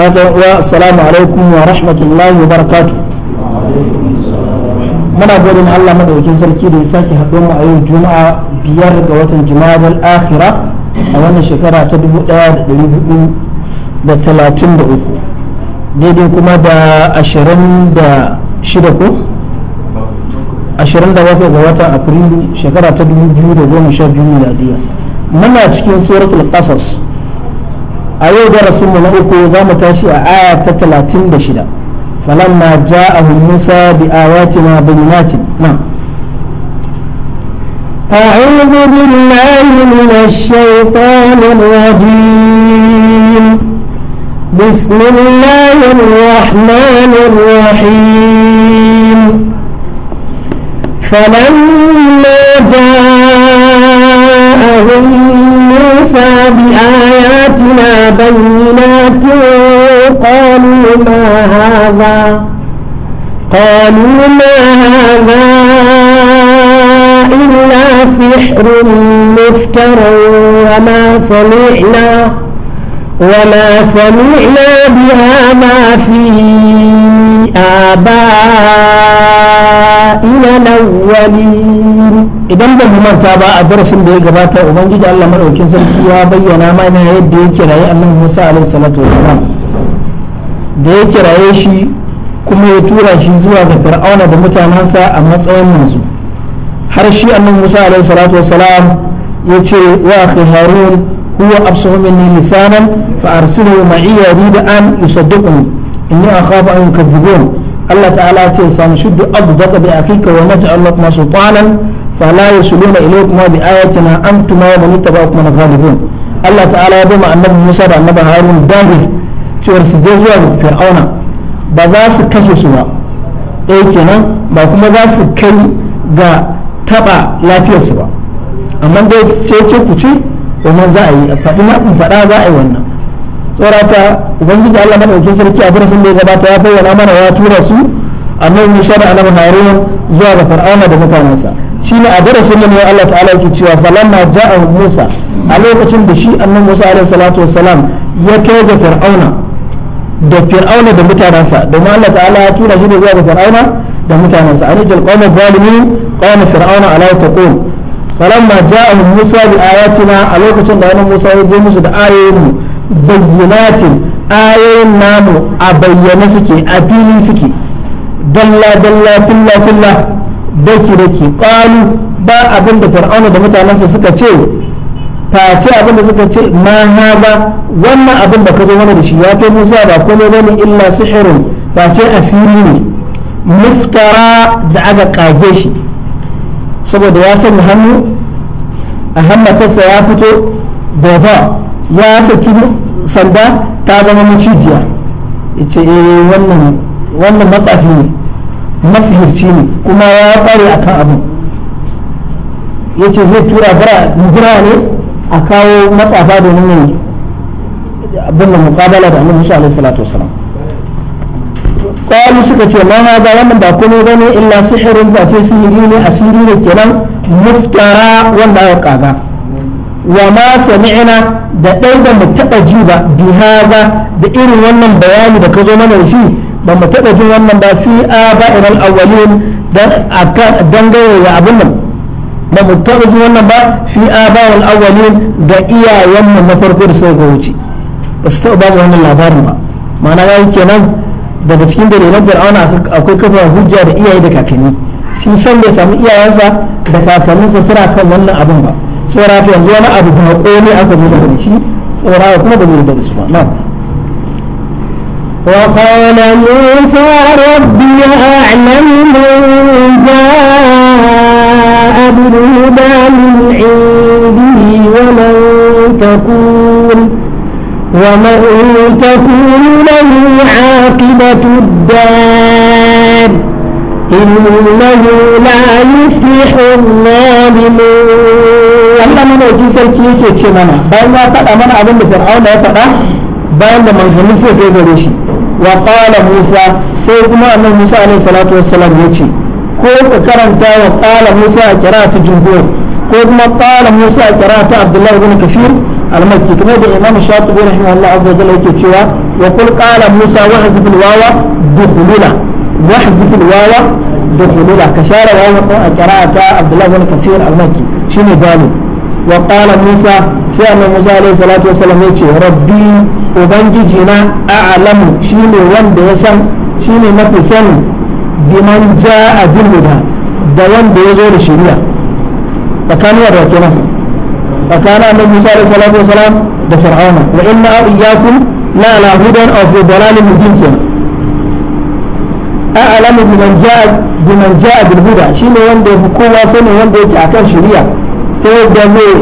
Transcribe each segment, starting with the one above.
fatan uwa assalamu alaikum wa rahmatullahi wa barakatu muna godin Allah madaukakin sarki da ya sake haɗo mu a yau juma'a biyar ga watan jumadal akhira a wannan shekara ta dubu ɗaya da da da talatin uku daidai kuma da ashirin da 26 ko 27 ga watan afrilu shekara ta dubu biyu da goma sha 2012 miladiya muna cikin suratul qasas a yau darasinmu na uku za mu tashi a aya ta talatin da shida falamma ja'ahum musa bi ayatina bayyinatin na'am أعوذ بالله من الشيطان الرجيم بسم الله الرحمن الرحيم فلما جاء سمعنا وما سمعنا بهذا في آبائنا الأولين idan ban manta ba a darasin da ya gabata ubangiji Allah madaukin sarki ya bayyana mana yadda ya kiraye annabi Musa alaihi salatu wasalam da ya kiraye shi kuma ya tura shi zuwa ga fir'auna da mutanansa a matsayin manzo har shi annabi Musa alaihi salatu wasalam ya ce wa harun هو أبصر مني لسانا فأرسله معي يريد أن يصدقني إني أخاف أن يكذبون الله تعالى سنشد أبضك بأخيك ونجعل لكما سلطانا فلا يصلون إليكما بآياتنا أنتما ومن اتبعكما الغالبون الله تعالى بما النبي موسى النبي هارون داهر cewar su je zuwa fir'auna ba za su kashe su ba ɗaya kenan ba kuma za su kai ga taɓa lafiyarsu ba amma dai ce ku ce kuma za a yi faɗi na kun faɗa za a yi wannan tsorata ubangiji Allah madaukakin sarki abin sun da ya gabata ya bayyana mana ya tura su annabi Musa da annabi Harun zuwa ga Fir'auna da mutanensa shine a darasin nan ne Allah ta'ala yake cewa falamma ja'a Musa a lokacin da shi annabi Musa alaihi salatu wassalam ya kai ga Fir'auna da Fir'auna da mutanensa domin Allah ta'ala ya tura shi ne zuwa ga Fir'auna da mutanensa a anijal qawma zalimin qawma fir'auna ala taqul falamma ja'ahum musa bi ayatina a lokacin da wani musa ya je musu da ayoyinmu bayyinatin ayoyin namu a bayyane suke a fili suke dalla dalla filla filla daki daki qalu ba abin da fir'auna da mutanensa suka ce face abin da suka ce ma haza wannan abinda ka zo mana da shi ya kai musa ba komai bane illa sihirun face asiri ne muftara da aka kage shi saboda ya sanya hannu a hannatarsa ya fito bauta ya saki sanda ta zama macijiya ya ce eh, wannan matsafi ne masihirci ne kuma ya kware a kan abin ya ce zai tura bura ne a kawo matsafa domin yin abin da mukabala da annabi sallallahu alaihi wasalam qalu suka ce ma ma ga wannan ba komai bane illa sihrun ba ce sihiri ne asiri ne kenan muftara wanda ya kaga wa ma sami'na da dai da mu taba ji ba bihaza da irin wannan bayani da ka zo mana da shi ba mu taɓa jin wannan ba fi aba'ir al-awwalin dan akan dangane da abin nan ba mu taɓa jin wannan ba fi aba'ir al-awwalin da iyayen mu na farko da suka wuce ba su taɓa ba wannan labarin ba ma'ana yayin kenan daga cikin dalilan fir'auna akwai kafa hujja da iyaye da kakanni shi san bai samu iyayensa da kakanninsa suna kan wannan abin ba saboda haka yanzu wani abu ba ko ne aka zo masa da shi saboda haka kuma ba zai da su ba na'am وقال موسى ربي أعلم من جاء بالهدى من عنده ومن تكون ومن تكون له عاقبة الدار إنه لا يفلح الظالمون Allah madauki sarki yake ce mana bayan ya faɗa mana abin da Fir'auna ya faɗa bayan da manzanni sai kai gare shi wa qala Musa sai kuma annabi Musa alaihi salatu wassalam ya ce ko ka karanta wa qala Musa a ko kuma qala Musa a qira'atu Abdullah almakki kamar da imam shatibi rahimahullah azza jalla yake cewa wa qul qala musa wa hazif alwawa dukhulula wa hazif alwawa dukhulula ka share wawa din a qira'ata abdullah ibn kathir almakki shine dalu wa qala musa sai annabi musa alaihi salatu wa wasallam yace rabbi ubangiji na a'lamu shine wanda ya san shine mafi sani biman ja'a bil huda da wanda ya zo da shari'a tsakanin da kenan tsakanin annabi Musa alaihi salatu wasalam da fir'auna wa inna iyyakum la ala hudan aw fi dalalin mubin kenan a'lamu biman ja'a biman ja'a shine wanda yafi kowa sanin wanda yake akan shari'a ta yadda zai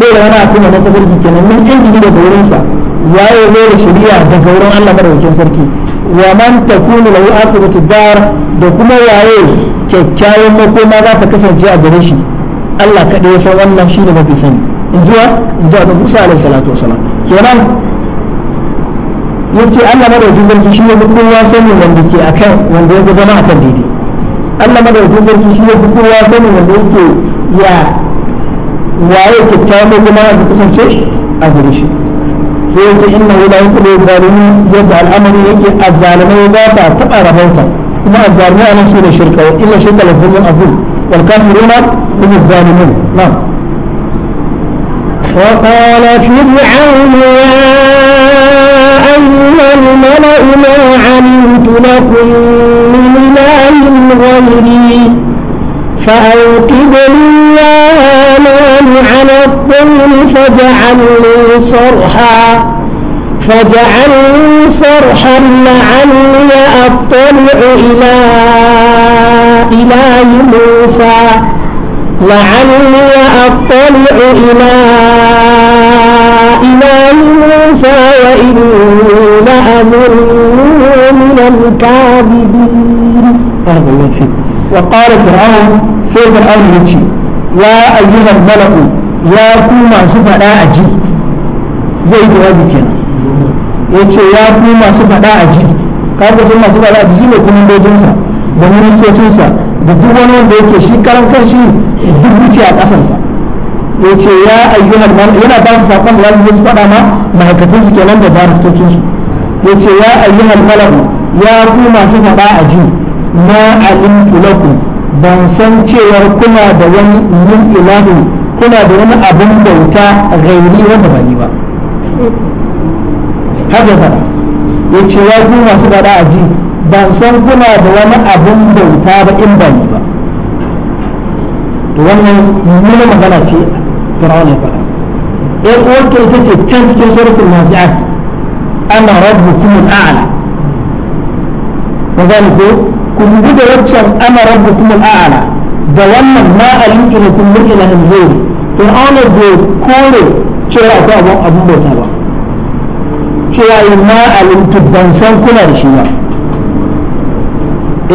dole wani akan wannan tafarki kenan min indihi da wurinsa waye ne da shari'a daga wurin Allah madaukakin sarki wa man takunu lahu aqibatu dar da kuma waye kyakkyawan makoma za ta kasance a gare shi Allah kaɗai ya san wannan shi ne mafi sani in jiwa in ji abin musa alaihi salatu wasalam kenan ya ce Allah madaukin zarki shi ne fi kowa sani wanda ke akan wanda ya zama akan daidai Allah madaukin zarki shi ne fi kowa sani wanda yake ya waye kyakkyawan kuma ya kasance a gare shi sai ya ce inna wula ya kuɗe yadda al'amari yake azzalimai ba sa taɓa rabauta kuma azzalimai a nan su ne shirka illa shirka lafiyar azul wal kafiruna من الظالمين نعم وقال فرعون يا أيها الملأ ما علمت لكم من إله غيري فأوقد لي يا هامان على الطين فاجعلني صرحا فاجعلني صرحا لعلي أطلع إلى إله موسى لعلي أطلع إلى إله موسى وإني لأظنه من الكاذبين وقال فرعون سيد الأرض يتشي يا أيها الملك يا كوما سفر أجي zai jawabi kenan ya ce ya fi masu faɗa a ji kaga sun masu faɗa a ji ne kuma dodinsa da ministocinsa da duk wani wanda yake shi karan kanshi duk wuce a kasansa ya ce ya ayyuhal mar yana ba su sakon da za su su faɗa ma ma'aikatansu kenan da daraktocinsu ya ce ya ayyuhal malaku ya ku masu faɗa a ji na alimtu lakum ban san cewar kuna da wani min ilahu kuna da wani abin bauta gairi wanda ba ni ba haka faɗa ya ce ya ku masu faɗa a ji ban san kuna da wani abin bauta ba in ba ni ba to wannan mummunan magana ce fir'aun ya faɗa ɗan uwarta ita ce can cikin masu nazi'at ana rabu rabbukum al'ala magana ko ku bi da waccan ana rabu rabbukum al'ala da wannan ma alimtu lakum min ilahin ghayri fir'aun bai kore cewa akwai abin bauta ba cewa ma alimtu ban san kuna da shi ba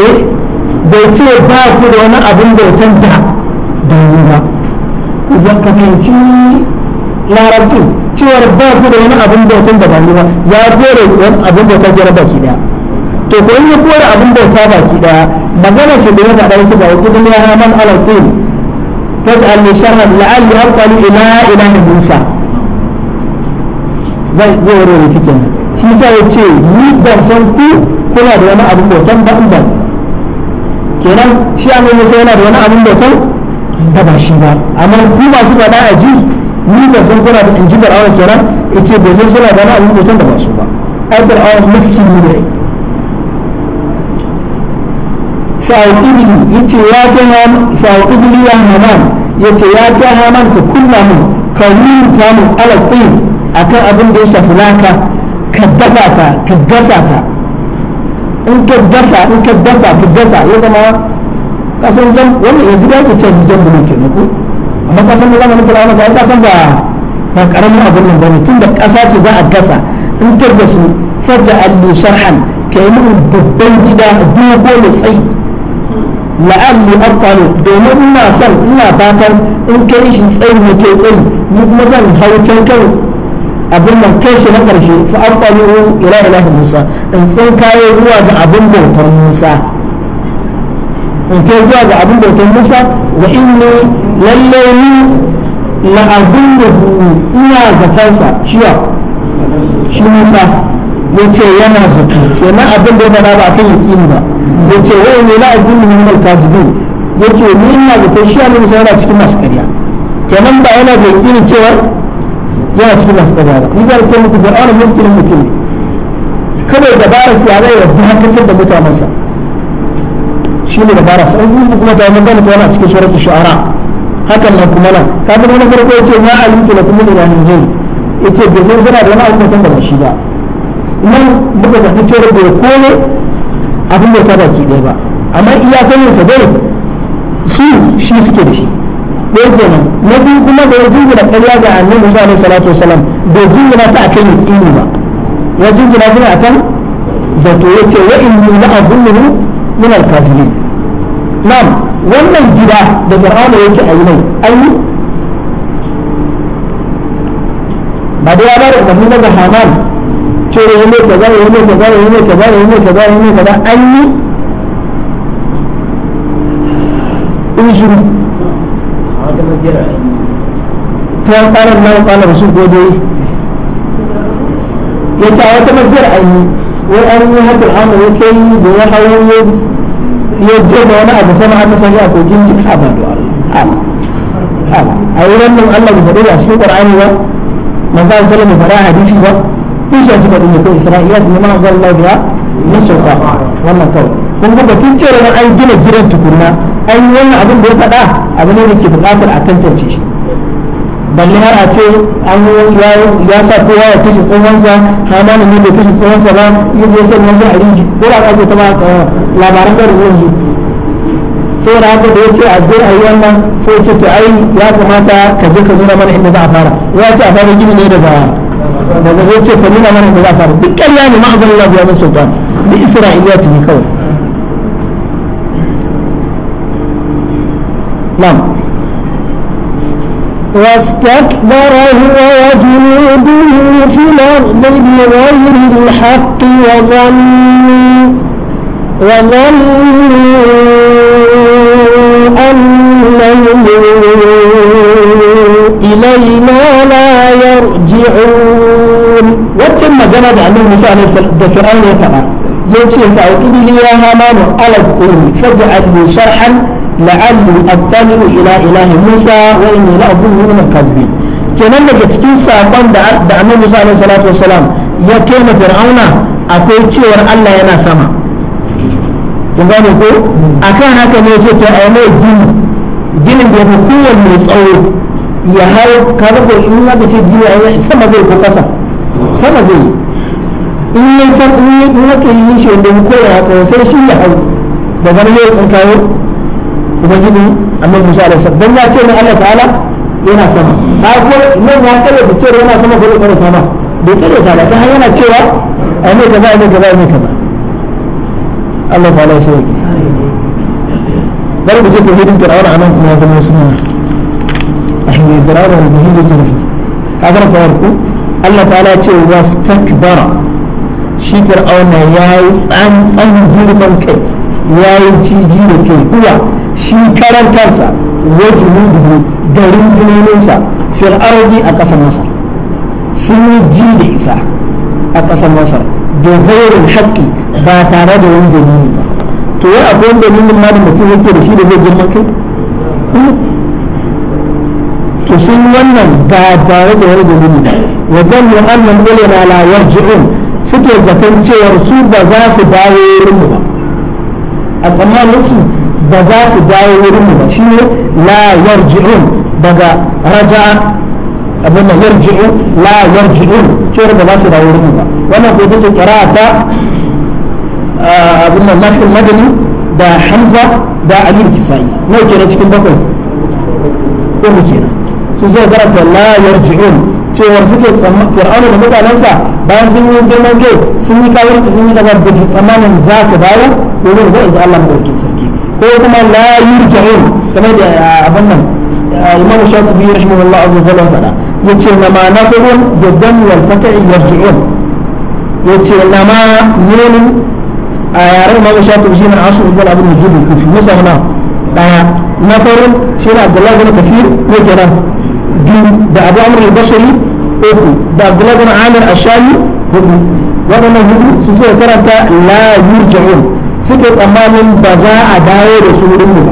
eh bai ce ba ku da wani abin bautan da yi ba idan ka fahimci larabcin cewar ba ku da wani abin bautan da dani ba ya kore wani abin bauta jira baki daya to ko ya kore abin bauta baki daya magana shi da yana dauke ba wa kudin ya haman alaƙin فاجعل لي la'alli, لعلي ارقى الى ne musa. zai iya wani rikici ne shi sa ya ce ni ban san ku kuna da wani abin bautan ba in ba. kenan shi annabi Musa yana da wani abin bautar da ba shi ba amma ku masu faɗa a ji ni ba san kuna da inji Fir'auna kenan ita ba zai suna da wani abin bautar da ba su ba ai Fir'auna miskini ne sha'uqibli yace ya ta sha'uqibli ya Haman yace ya ta Haman ka kunna mu ka rubuta mu alaƙin akan abin da ya shafi naka ka dafa ta ka gasa ta in ka gasa, in ka dafa ka gasa. ya zama kasan jan wannan yanzu da yake cewa jan bulu ke nuku amma kasan da zamanin wani ba kasan ba ba karamin abin nan bane tun da kasa ce za a gasa in ka da faja allu sharhan ka yi mun babban gida dogo mai tsayi la'alli arqalu domin ina son ina batan, in yi shi tsayi ne ke tsayi ni kuma zan hau can kan abin nan shi na ƙarshe fa an ƙwari'u ila ilahi musa in sun kayo zuwa ga abin bautar musa in kai zuwa ga abin bautar musa wa ne lalle ni la abin da ina zatansa shiwa shi musa ya ce yana zato na abin da ya faɗa ba a kan yaƙini ba ya ce wai ne la abin da muhammad kazibin ya ce ni ina zaton shi musa yana cikin masu karya kenan ba yana da yaƙinin cewar yana cikin masu dabara ni zai kai muku fir'auna muskilin mutum ne kawai dabara su yana ya dakatar da mutanensa shi ne dabara su an kuma ta mun gane ta yana cikin suratul shu'ara hakan nan kuma nan kafin wani farko ce ma alimtu lakum min ilahin ghayr yace bai san sana da wani abu mutum da shi ba nan muka ga fitar da kone abin da ta baki ɗaya ba amma iya sanin sa dole su shi suke da shi ɗaya kenan na biyu kuma da ya jingina ƙarya ga annabi Musa alaihi salatu wasalam bai jingina ta akan yaqini ba ya jingina ta akan zato yace wa inni la azunnu min al-kafirin na'am wannan gida da Fir'aun ya ce ayi mai ayi ba da ya ba da umarni daga Haman cewa in ta kala Allah kala rasul ko dai ya ce a wata majiyar an yi wai an yi haka amma ya yi da ya hawo ya je da wani abu sama aka sashi a kogin jin haba a yi ranar Allah bai faɗi a cikin ƙwar'ani ba manzo Allah sallallahu alaihi hadisi ba in shi ji faɗi ne ko Isra'ila ma ga Allah biya na sauka wannan kawai kun ga batun cewa an gina gidan tukunna an yi wannan abin da ya faɗa abu ne da ke buƙatar a tantance shi balle har a ce an ya sa kowa ya kashe tsohonsa hamanu ne bai kashe tsohonsa ba yi ya sai wajen a rinji ko da ake ta ba eh, labaran da yanzu saboda haka da ya ce a jira yi wannan so ce to ai ya kamata ka je ka nuna mana inda za a fara ya ce a fara gini ne daga daga zai ce ka nuna mana inda za a fara duk ƙarya ne ma'azin Allah min sultan duk Isra'iliya ta ne kawai نعم واستكبر هو وجنوده في الأرض بغير الحق وظنوا وظنوا أنهم إلينا لا يرجعون وتم جند عن موسى عليه السلام الدفرين يقرأ يجي فأوئد لي يا هامان ألقوا فاجعل لي شرحا La'allu attalu ila ilahi musa wa inni la'abudu min al-kadhibin kenan daga cikin sakon da annabi musa alaihi salatu wasalam ya kai ma fir'auna akwai cewar Allah yana sama kun gane ko akan haka ne ce to ai mai gini ginin da yake kowanne tsawo ya hau ka rago in haka ce gini ai sama zai ko kasa sama zai yi in yi san in yi haka yi shi wanda ko ya tsawo sai shi ya hau daga nan ya kawo. ubangijin annabi Musa alaihi salam dan ya ce ne Allah ta'ala yana sama ba ko nan ya kare da cewa yana sama ko kare ta ba bai kare ta ba ta har yana cewa ai ne kaza ai ne kaza ai ne kaza Allah ta'ala ya sauke bari mu je tauhidin fir'auna anan kuma ya zama sunna ahmi fir'auna da tauhidin tauhid ka karanta yarku Allah ta'ala ya ce wastakbara shi fir'auna ya yi tsantsan girman kai ya yi jiji da kai uwa shi karan kansa wa junuduhu da rundunoninsa fil ardi a ƙasar masar sun yi ji da isa a ƙasar masar da horin haƙƙi ba tare da wani dalili ba to wai akwai wani dalilin ma da mutum yake da shi da zai girma kai to sun wannan ba tare da wani dalili ba wa zannu annam ilaina la yarji'un suke zaton cewar su ba za su dawo wurin ba a tsammanin su ba za su dawo wurin mu ba shi ne la yarji'un daga raja abin da yarji'u la yarji'un cewa ba za su dawo wurin mu ba wannan ko ita ce qira'ata abin da nafi madani da hamza da ali kisai nawa kenan cikin bakwai uku kenan su zai garanta la yarji'un cewar suke fir'auna da mutanensa bayan sun yi girman gai sun yi kawar sun yi kawar da su tsammanin za su dawo domin ga Allah maɗaukin ko kuma la yurja'un kamar da abin nan imamu imam shatibi rahimahullah azza wa jalla fada yace na ma na nafirun da dan wal fata'i yarji'un yace na ma nunin a yaren imam shatibi shine asu ibn abin nujub kufi musa na daya shi shine abdullah bin kasir ne kenan biyu da abu amr al-bashari uku da abdullah bin amir ash-shami hudu waɗannan hudu su suka karanta la yurja'un suke tsammanin ba za a dawo da su wurin mu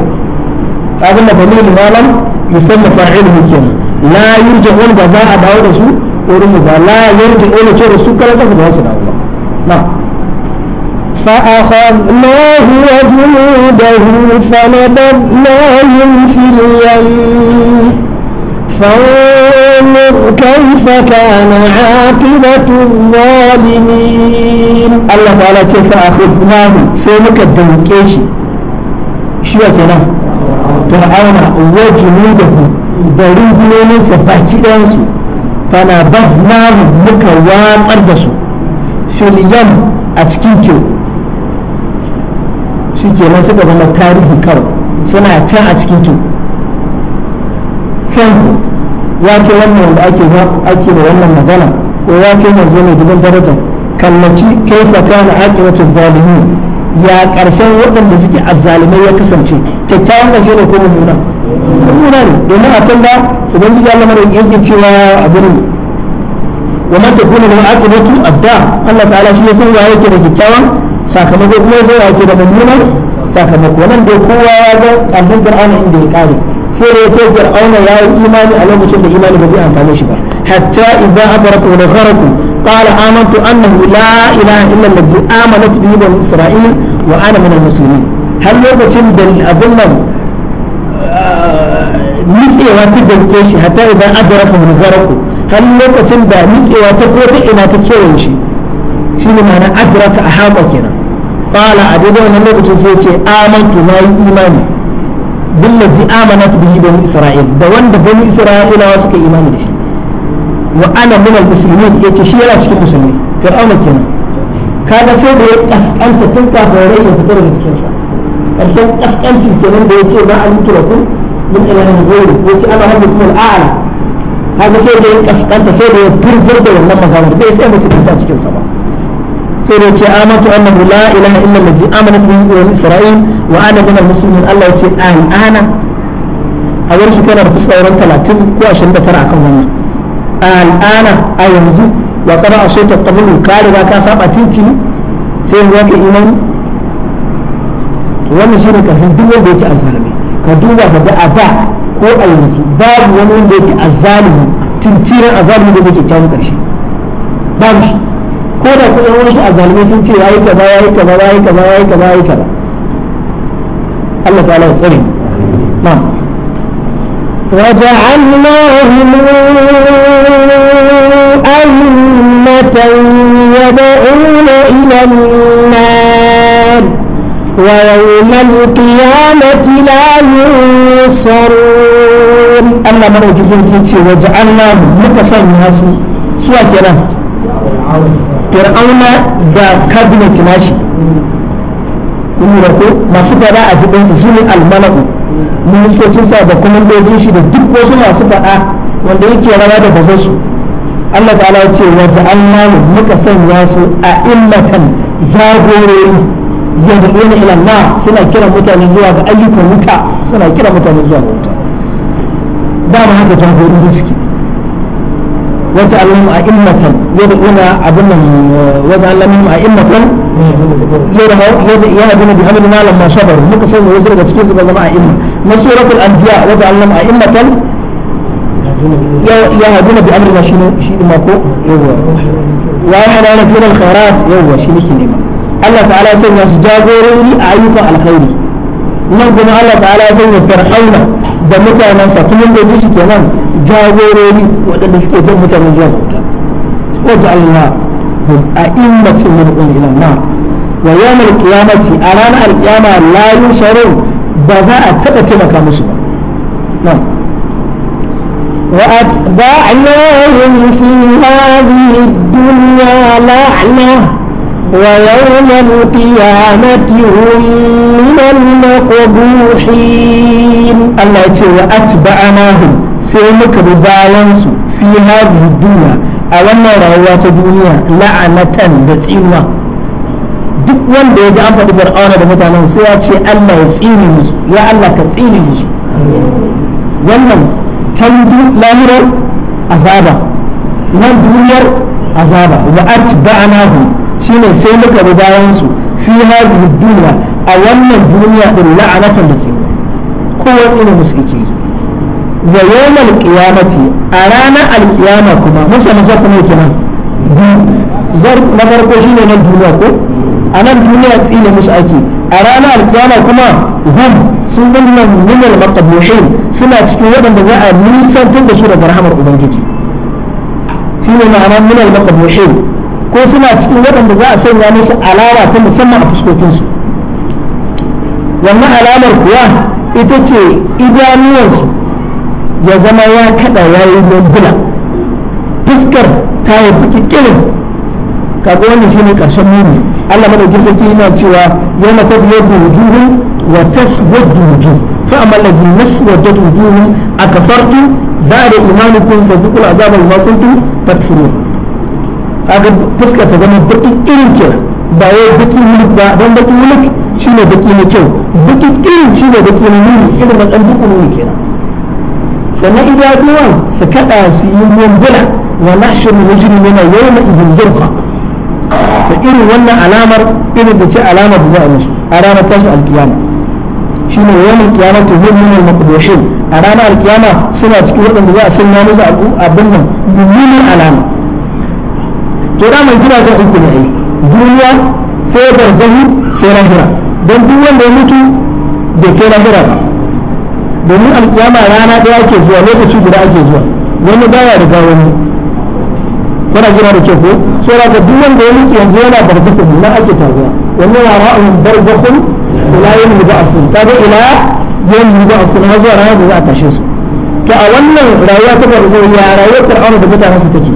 ba abin da dalilin malam musamman muke na la yurja'un ba za a dawo da su wurin mu ba la yurja'un ce da su kala kafa ba su dawo ba na'am فأخذناه وجنوده فنبذناهم في اليم فانظر كيف كان عاقبة الظالمين الله تعالى فأخذناه سيمك الدنكيشي شو كنا فرعون وجنوده ضريب لنا سباكي دانسو فنبذناه مكا واصر دسو في اليم أتكين كيو شو كنا سيكون تاريخي كرو سنة أتكين كيو kansu ya ce wannan wanda ake ba ake da wannan magana ko ya ce manzo ne gidan daraja kallaci kaifa kana aqibatu zalimin ya karshen waɗanda suke azzalimai ya kasance kyakkyawan ƙarshe ne ko mummuna mummuna ne domin a can ba ubangiji Allah mara yankin cewa abin wa man takuna lahu aqibatu adda Allah ta'ala shi ya san wa yake da kyakkyawan sakamako kuma ya san wa yake da mummunan sakamako nan dai kowa ya ga ƙarshen fir'auna inda ya kare sai da yake fir'auna ya yi imani a lokacin da imani ba zai amfane shi ba hatta idza abarat wa gharaqu qala amantu annahu la ilaha illa allazi amanat bihi banu isra'il wa ana min almuslimin har lokacin da abin nan nitsewa ta danke shi hatta idan adraka wa gharaqu har lokacin da nitsewa ta ko ta ina ta kewaye shi shine ma'ana adraka ahaba kenan qala a daidai wannan lokacin sai ya ce amantu na yi imani billazi amanat bihi banu isra'il da wanda banu isra'ilawa suka imani da shi wa ana min almuslimin yace shi yana cikin musulmi fir'auna kenan kaga sai da ya kaskanta tun kafin rai ya fitar da cikinsa karshen kaskancin kenan da yace ba an mutu ku min ilahin ghairu yace ana hadu kuma al'ala kaga sai da ya kaskanta sai da ya furzar wannan maganar bai mutu ta cikin sa ba sai da ce amatu annahu la ilaha illa allazi amanat bihi bani isra'il wa ana min muslimin Allah ya ce an ana a wurin kana da fuska wurin 30 ko 29 akan wannan al'ana a yanzu wa qara asayta qablu kare riga ka saba tintini sai yanzu ka imani to wannan shine kafin duk wanda yake azzalimi ka duba ka ga a da ko a yanzu babu wani wanda yake azzalimi tintirin azzalimi da zai kyakkyawan karshe babu shi ko da kuma wani shi azalmi sun ce yayi kaza yayi kaza yayi kaza yayi kaza yayi kaza Allah ta'ala ya tsare na'am وجعلناهم أمة يدعون إلى النار ويوم القيامة لا ينصرون أما من يجزم كيتشي وجعلناهم مكسر ناس سوى كلام fir'auna da kabinet nashi kuma ko masu fada a jikinsa su ne almalaku ministocinsa da kwamandojin shi da duk wasu masu fada wanda yake rawa da bazarsu Allah ta'ala ya ce wa ja'alna muka sanya su a immatan jagorori yadda ila Allah suna kiran mutane zuwa ga ayyukan wuta suna kira mutane zuwa ga wuta dama haka jagorori suke wata alamu a immatan yana abin nan eh, wata alamu a immatan yana gina bi amalin alam ma sabar muka sanya wasu daga cikin suka zama a imma na suratul anbiya wata alamu a immatan ya haduna bi amrina shi shi ma ko yawa wa ya hada na fil khairat yawa shi nake nema Allah ta'ala ya sanya su jagorori a ayyukan alkhairi nan kuma Allah ta'ala ya sanya fir'auna da mutanensa tun yadda ya shi kenan jagorori waɗanda suke jan mutanen zuwa wuta wajen Allah hum a'immatin yad'un ila an-nar wa yawm al-qiyamati aran al-qiyama la yusharun ba za a taɓa taimaka musu ba وأتبعناهم في هذه الدنيا لعنة ويوم القيامة هم من المقبوحين الله يقول وأتبعناهم سيومك ببالانس في هذه الدنيا أولا رأيات الدنيا لعنة بتئوة duk wanda ya ji an faɗi fir'auna da mutanen sai ya ce Allah ya tsini musu ya Allah ka tsini musu wannan tandu lahirar azaba nan duniyar azaba wa atba'nahum shine sai muka bi bayan su fi hadhihi dunya a wannan duniya din la'anatan da tsini kowa tsini musu yake yi wa yawmal qiyamati a ranar alkiyama kuma musa musa kuma nan. zar na farko shine nan duniya ko a nan duniya tsini musu ake a ranar alkiyama kuma hum sun gina minar maqabushin suna cikin waɗanda za a nisantar da su daga rahamar ubangiji shine ma'ana minar maqabushin ko suna cikin waɗanda za a sanya musu alama ta musamman a fuskokinsu wannan alamar kuwa ita ce idanuwansu ya zama ya kada ya yi lambuna fuskar ta yi fuki kirin kaga wannan ne ƙarshen muni Allah madaukin sarki yana cewa yana tabbiyar da wujuhu wa taswaddu wujuh fa amma alladhi naswaddat wujuhu akafartu ba'da imanikum fa zuqul azab al-maqtu takfurun kaga fuskar ta zama baki irin kenan ba wai baki mulk ba dan baki mulk shine baki ne kyau baki irin shine baki ne mulk irin dan duku ne kenan sannan idanuwan su kada su yi ruwan bula wa nahshuru mujrimina yawma idin zurfa da irin wannan alamar irin da ce alamar da za a musu a ranar tashi alkiyama shine yawmal qiyamati hum min al-maqdushin a ranar alkiyama suna cikin waɗanda za a sanya musu abin nan mummunan alama to da man gidajen uku ne ai duniya sai barzahu sai lahira don duk wanda ya mutu bai kai lahira ba domin alkiyama rana ɗaya ake zuwa lokaci guda ake zuwa wani baya riga wani kana jira da ke ko da ka duk wanda ya mutu yanzu yana barzakhun na ake taguwa wannan wara'un barzakhun ila yawmi ta kaga ila ba ba'thun har zuwa rana da za a tashe su to a wannan rayuwa ta barzahu ya rayuwar fir'auna da mutanensa take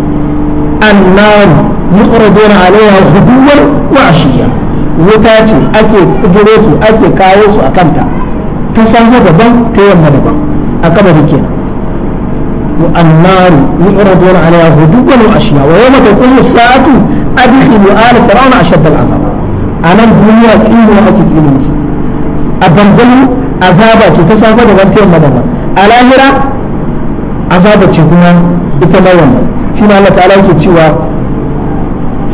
annan yukhrajuna alaiha ghuduwan wa ashiya wuta ce ake kudure su ake kawo su a kanta ta sanya daban ta yamma daban a kaba da kenan wa annan yukhrajuna alaiha ghuduwan wa ashiya wa yawma taqul sa'atu adkhilu al fir'auna ashadd al azab anan duniya tsinu ake tsinu a banzalu azaba ce ta sanya daban ta yamma daban a lahira azaba ce kuma ita ma wannan shi ne Allah ta'ala yake cewa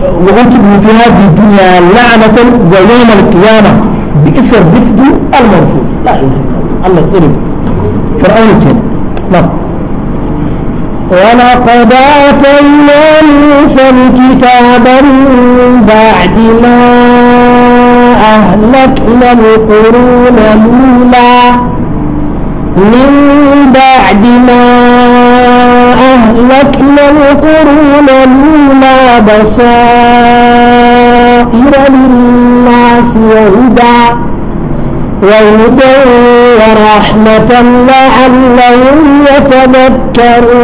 wa antum fi hadhihi dunya la'natan wa yawm al qiyama bi isr rifdu al-marfu la Allah tsare fir'aun ce na ولقد آتينا موسى الكتاب من بعد ما أهلكنا القرون الأولى من بعد ما أهلكنا القرون الأولى بصائر للناس وهدى وهدى ورحمة لعلهم يتذكرون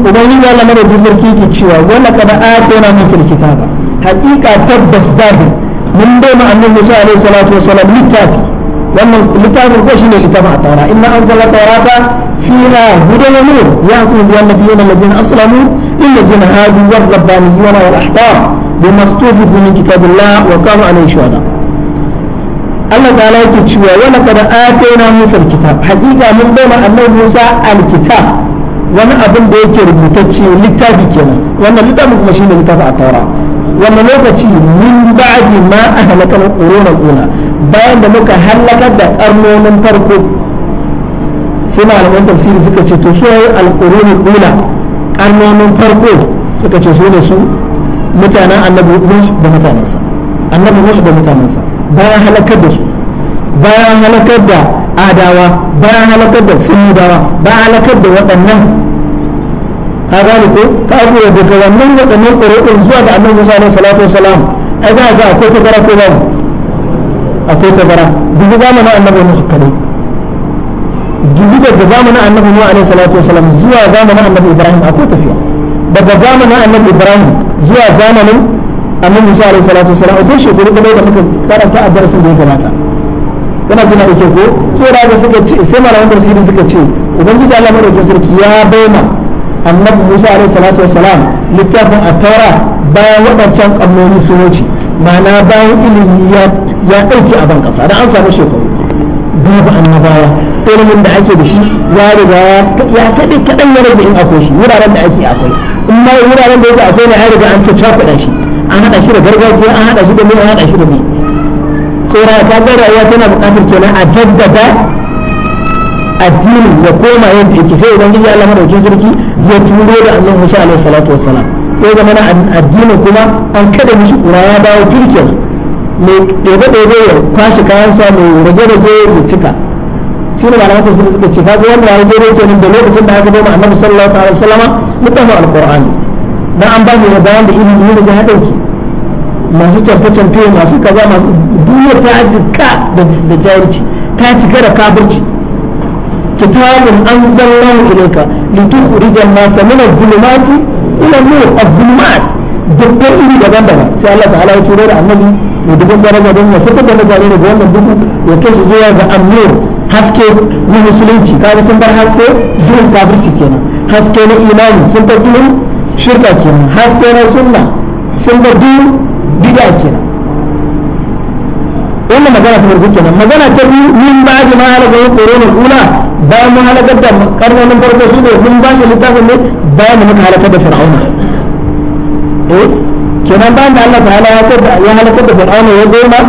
وبين الله من الجزر كيكي تشوى ولك آتينا موسى الكتاب حقيقة تبس داهر من بين أن موسى عليه الصلاة والسلام للتاكي wannan littafin ko shine littafin a taura inna anzala taurata fiha hudan wa nur yahkum bi annabiyina alladhina aslamu lil ladina hadu war rabbaniyuna wal ahbar bima studifu min kitabillah wa kanu alayhi shuhada Allah ta'ala yake cewa wa laqad atayna musa alkitab hakika mun bayyana annabi Musa alkitab wani abin da yake rubutacce littafi kenan wannan littafin kuma shine littafin a taura wanda lokaci min ba'di ma ahlakal quruna al-ula bayan da muka halakar da karnonin farko sai malaman tafsiri suka ce to su al-qurun al-ula karnonin farko suka ce su ne su mutanen annabi Nuh da mutanensa annabi Nuh da mutanensa bayan halakar da su bayan halakar da adawa bayan halakar da sinudawa bayan halakar da waɗannan ka gane ko ka abuwa daga wannan waɗannan ƙwararrun zuwa da annabi musa alaihi salatu wasalam a za ga akwai tazara ko babu akwai gara dubu zamanin annabi nuhu kadai dubu daga zamanin annabi nuhu alaihi salatu wasalam zuwa zamanin annabi ibrahim akwai tafiya daga zamanin annabi ibrahim zuwa zamanin annabi musa alaihi salatu wasalam akwai shekaru kadai da muka karanta a darasin da ya gabata yana tuna da ke ko sai da suka ce sai malaman tafsiri suka ce ubangiji Allah madaukakin sarki ya bai ma annabi musa alaihi salatu wa salam littafin a taura bayan waɗancan ƙamnoni sun wuce ma'ana bayan ilimi ya ɗauke a ban ƙasa don an samu shekaru babu annabawa ilimin da ake da shi ya riga ya kaɗe kaɗan ya rage in akwai shi wuraren da ake akwai in ma wuraren da yake akwai ne an riga an cakuɗa shi an haɗa shi da gargajiya an haɗa shi da mai an haɗa shi da mai saura ta ga ya tana buƙatar kenan a jaddada addini ya koma yadda yake sai ubangiji Allah madaukin sarki ya turo da annabi Musa alaihi salatu wassalam sai ga mana addinin kuma an kada mishi kura ya dawo kirkir mai ɗebe ɗebe ya kwashe kayansa mai rage rage ya cika shi ne malamata sun suka ce kaga wanda ya rage rage da lokacin da aka goma annabi sallallahu alaihi wasallam mutafin alqur'ani dan an ba shi da bayan da ilimi ne da hadin ki masu canfe canfe masu kaza masu duniya ta jika da jahilci ta cika da kafirci كتاب أنزلناه إليك لتخرج الناس من الظلمات إلى النور الظلمات dubban iri daban-daban sai Allah ta'ala ya turo da annabi ya dubban daraja don ya fitar da mutane daga wannan dubu ya kai su zuwa ga annur haske na musulunci kaga sun bar haske duhun kafirci kenan haske na imani shirka kenan haske wannan magana ta farko kenan magana ta biyu min ba'di ma halaka qurunul ula bayan mun halakar da karnonin farko su ne mun ba shi littafin ne bayan muka halakar da fir'auna eh kenan bayan da Allah ta'ala ya kada ya halakar da fir'auna ya goma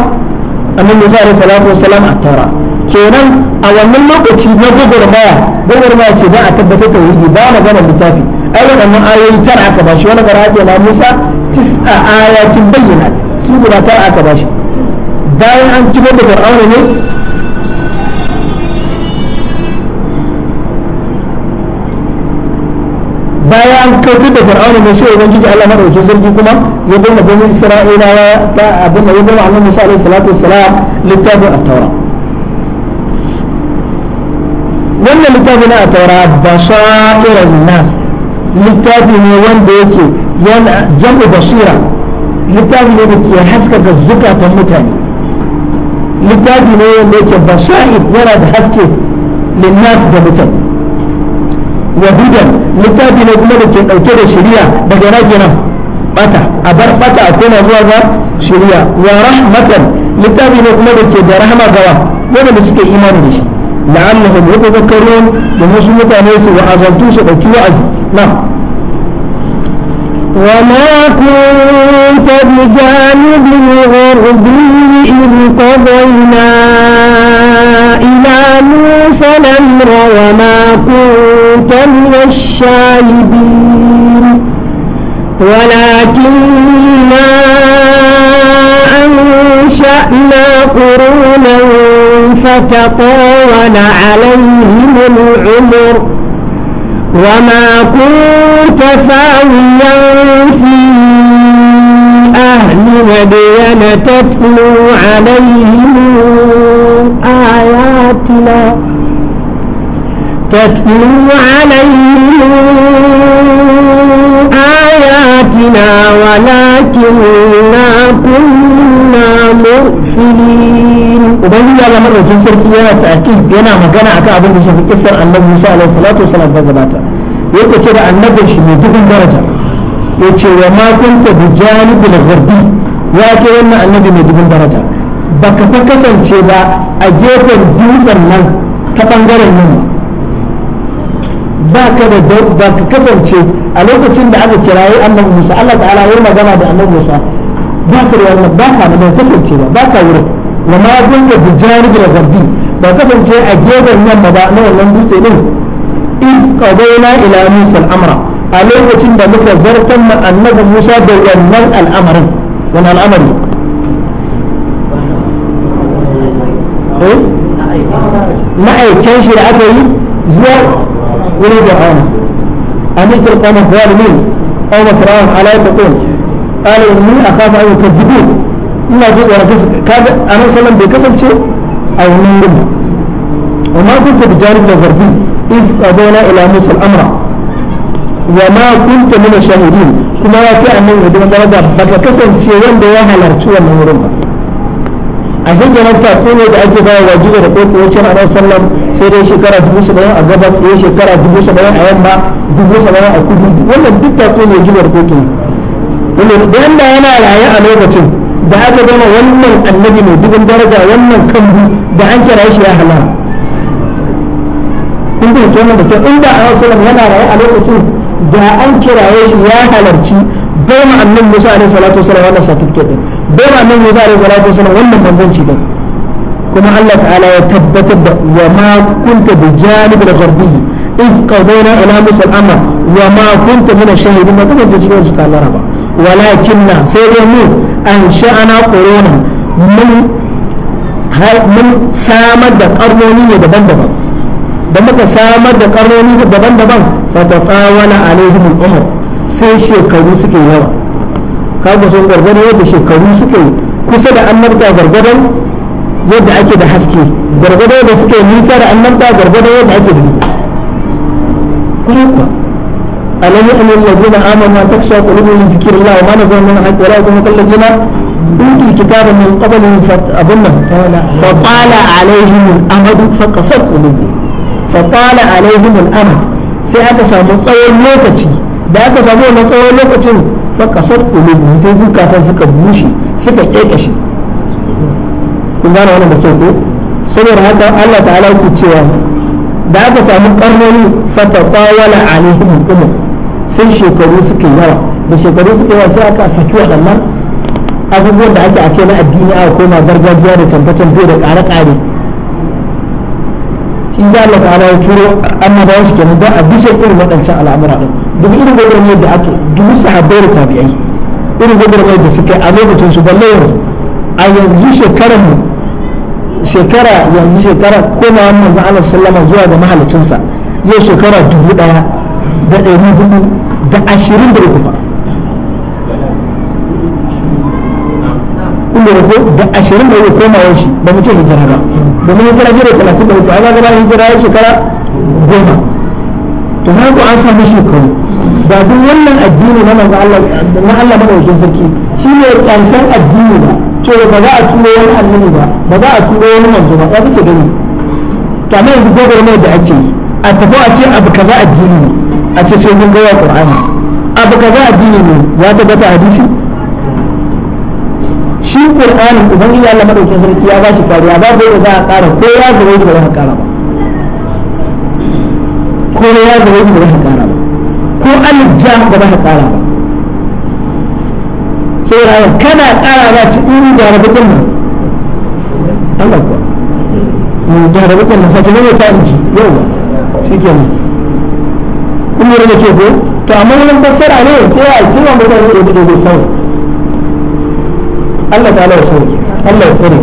annabi Musa alaihi salatu wassalam a taura kenan a wannan lokaci na gwagwarmaya gwagwarmaya ce ba a tabbatar da wuri ba na gana littafi ai waɗannan ayoyi tara aka ba shi wani gara karatu na Musa tis'a ayatin bayyana su guda tara aka ba shi bayan an kibar da fir'auna ne an kautar da fir'auna ne sai ubangiji Allah madaukakin sarki kuma ya bayyana bani isra'ilawa ta abin da ya bayyana annabi Musa alaihi salatu wassalam littafin at-taura wannan littafin at-taura basairan nas littafi ne wanda yake yana jam'u basira littafi ne da ke haskaka zukatan mutane littafi ne wanda yake basair yana da haske linnas da mutane wa hudan littafi ne kuma da ke da shari'a daga na kenan bata a bar bata a koma zuwa ga shari'a wa rahmatan littafi ne kuma da ke da rahama gawa waɗanda suke imani da shi la'annahum yatadhakkarun da wasu mutane su wa'azantu su ɗauki wa'azi na'am وما كنت بجانب الغربي إذ قضينا إلى موسى الأمر وما كنت من الشاهدين ولكننا أنشأنا قرونا فتطاول عليهم العمر وما كنت فاويا في أهل مدين تتلو عليهم آياتنا تتلو عليهم آياتنا ولكننا كنا مرسلين وبني الله مرة في سرتي تأكيد أنا مكان أكا أبو بشر في كسر النبي صلى الله عليه وسلم yake ce da annabin shi mai dubin daraja ya ce wa ma kunta bi janibul gharbi ya ke wannan annabi mai dubin daraja baka fa kasance ba a gefen dutsen nan ta bangaren nan ba ka da ba ka kasance a lokacin da aka kirayi annabi Musa Allah ta'ala ya magana da annabi Musa ba ka da ba ka da kasance ba ba ka wurin wa ma kunta bi janibul gharbi ba kasance a gefen yamma ba na wannan dutse din in qadayna ila musa al-amra a lokacin da muka zartar mu annabi musa da wannan al'amarin wannan al'amari ma'aikin shi da aka yi zuwa wani da hana amintar kama kwallo ne kama kirawa halayta kun kala yin nuna kafa ayyukan kajibu ina ji tsoron kasa kaga a nan salon bai kasance a wani wurin amma kun ta bi jarin da garbi iz qadayna ila musa al wa ma kunta min shahidin kuma ya kai annabi da dan daraja baka kasance wanda ya halarci wannan wurin ba a shekarar tatsuniya da ake bawa wajiza da kotu wacce a nan sallam sai dai shekara dubu saba'in a gabas ya shekara dubu saba'in a yamma dubu saba'in a kudu wannan duk da yana raye a lokacin da aka gama wannan annabi mai dubin daraja wannan kambu da an kira shi ya halala kun bai kyau da kyau inda a wasu yana raye a lokacin da an kiraye shi ya halarci bai ma musa alaihi salatu wannan din bai ma musa alaihi salatu wannan manzanci din kuma Allah ta'ala ya tabbatar da wa ma kunta bi janib al-gharbi iz qadayna ila musa al-amr wa ma kunta min ash-shahidin ba kuma ta cikin suka Allah ba walakinna sai dai mu an sha'ana korona mun mun samar da karnoni ne daban-daban da muka samar da karnoni daban-daban fatatawala alaihim al-umr sai shekaru suke yawa kaga sun gargado yadda shekaru suke kusa da annabta gargadon yadda ake da haske gargado da suke nisa da annabta gargado yadda ake da nisa kuma kuwa alam ya'lamu alladhina amanu an taksha qulubuhum li dhikrillah wa ma nazala min al-haqqi wa la yakunu kalladhina أوتوا الكتاب من قبلهم فطال عليهم الأمد فقست قلوبهم fatala alaihim al sai aka samu tsawon lokaci da aka samu wannan tsawon lokacin fa kasar qulubuhum sai zukatan suka bushe suka kekashe kun gane wannan da ke saboda haka Allah ta'ala yake cewa da aka samu karnoni fatatawala alaihim al-umur sai shekaru suka yawa da shekaru suka yawa sai aka saki waɗannan abubuwan da ake ake na addini a koma gargajiya da tabbatar bai da ƙare-ƙare in za Allah ta'ala ya turo annabawan shi kenan don a bisa irin waɗancan al'amura ɗin duk irin ne da ake duk sahabbai da tabi'ai irin ne da suka a lokacin su balle yanzu a yanzu shekarar mu shekara yanzu shekara koma manzon Allah sallama zuwa ga mahalicinsa yau shekara dubu ɗaya da ɗari hudu da ashirin da uku ba kun da ashirin da uku komawar shi ba mu ce hijira ba domin hijira shi da talatin da uku ana gaba jira ya shekara goma to haka ku an samu shekaru ba duk wannan addini na Allah na wajen sarki shi ne ƙarshen addini ba to ba za a turo wani annabi ba ba za a turo wani manzo ba ya kake gani to amma yanzu gwagwarmayar da ake yi a tafi a ce abu kaza addini ne a ce sai mun ga wa qur'ani abu kaza addini ne ya tabbata hadisi qur'ani ubangiji Allah madaukakin sarki ya ba shi kariya babu da za a kara ko ya da ba kara ba ko ya zuwa da ba kara ba ko alif ja da ba kara ba saboda kana kara ba ci in da rubutun nan Allah kuwa da rubutun nan sai ne ta inji yau shikenan kun yi rage ce ko to amma wannan fassara ne sai a kira mutane da da kawai Allah ta Allah ya sauke Allah ya tsare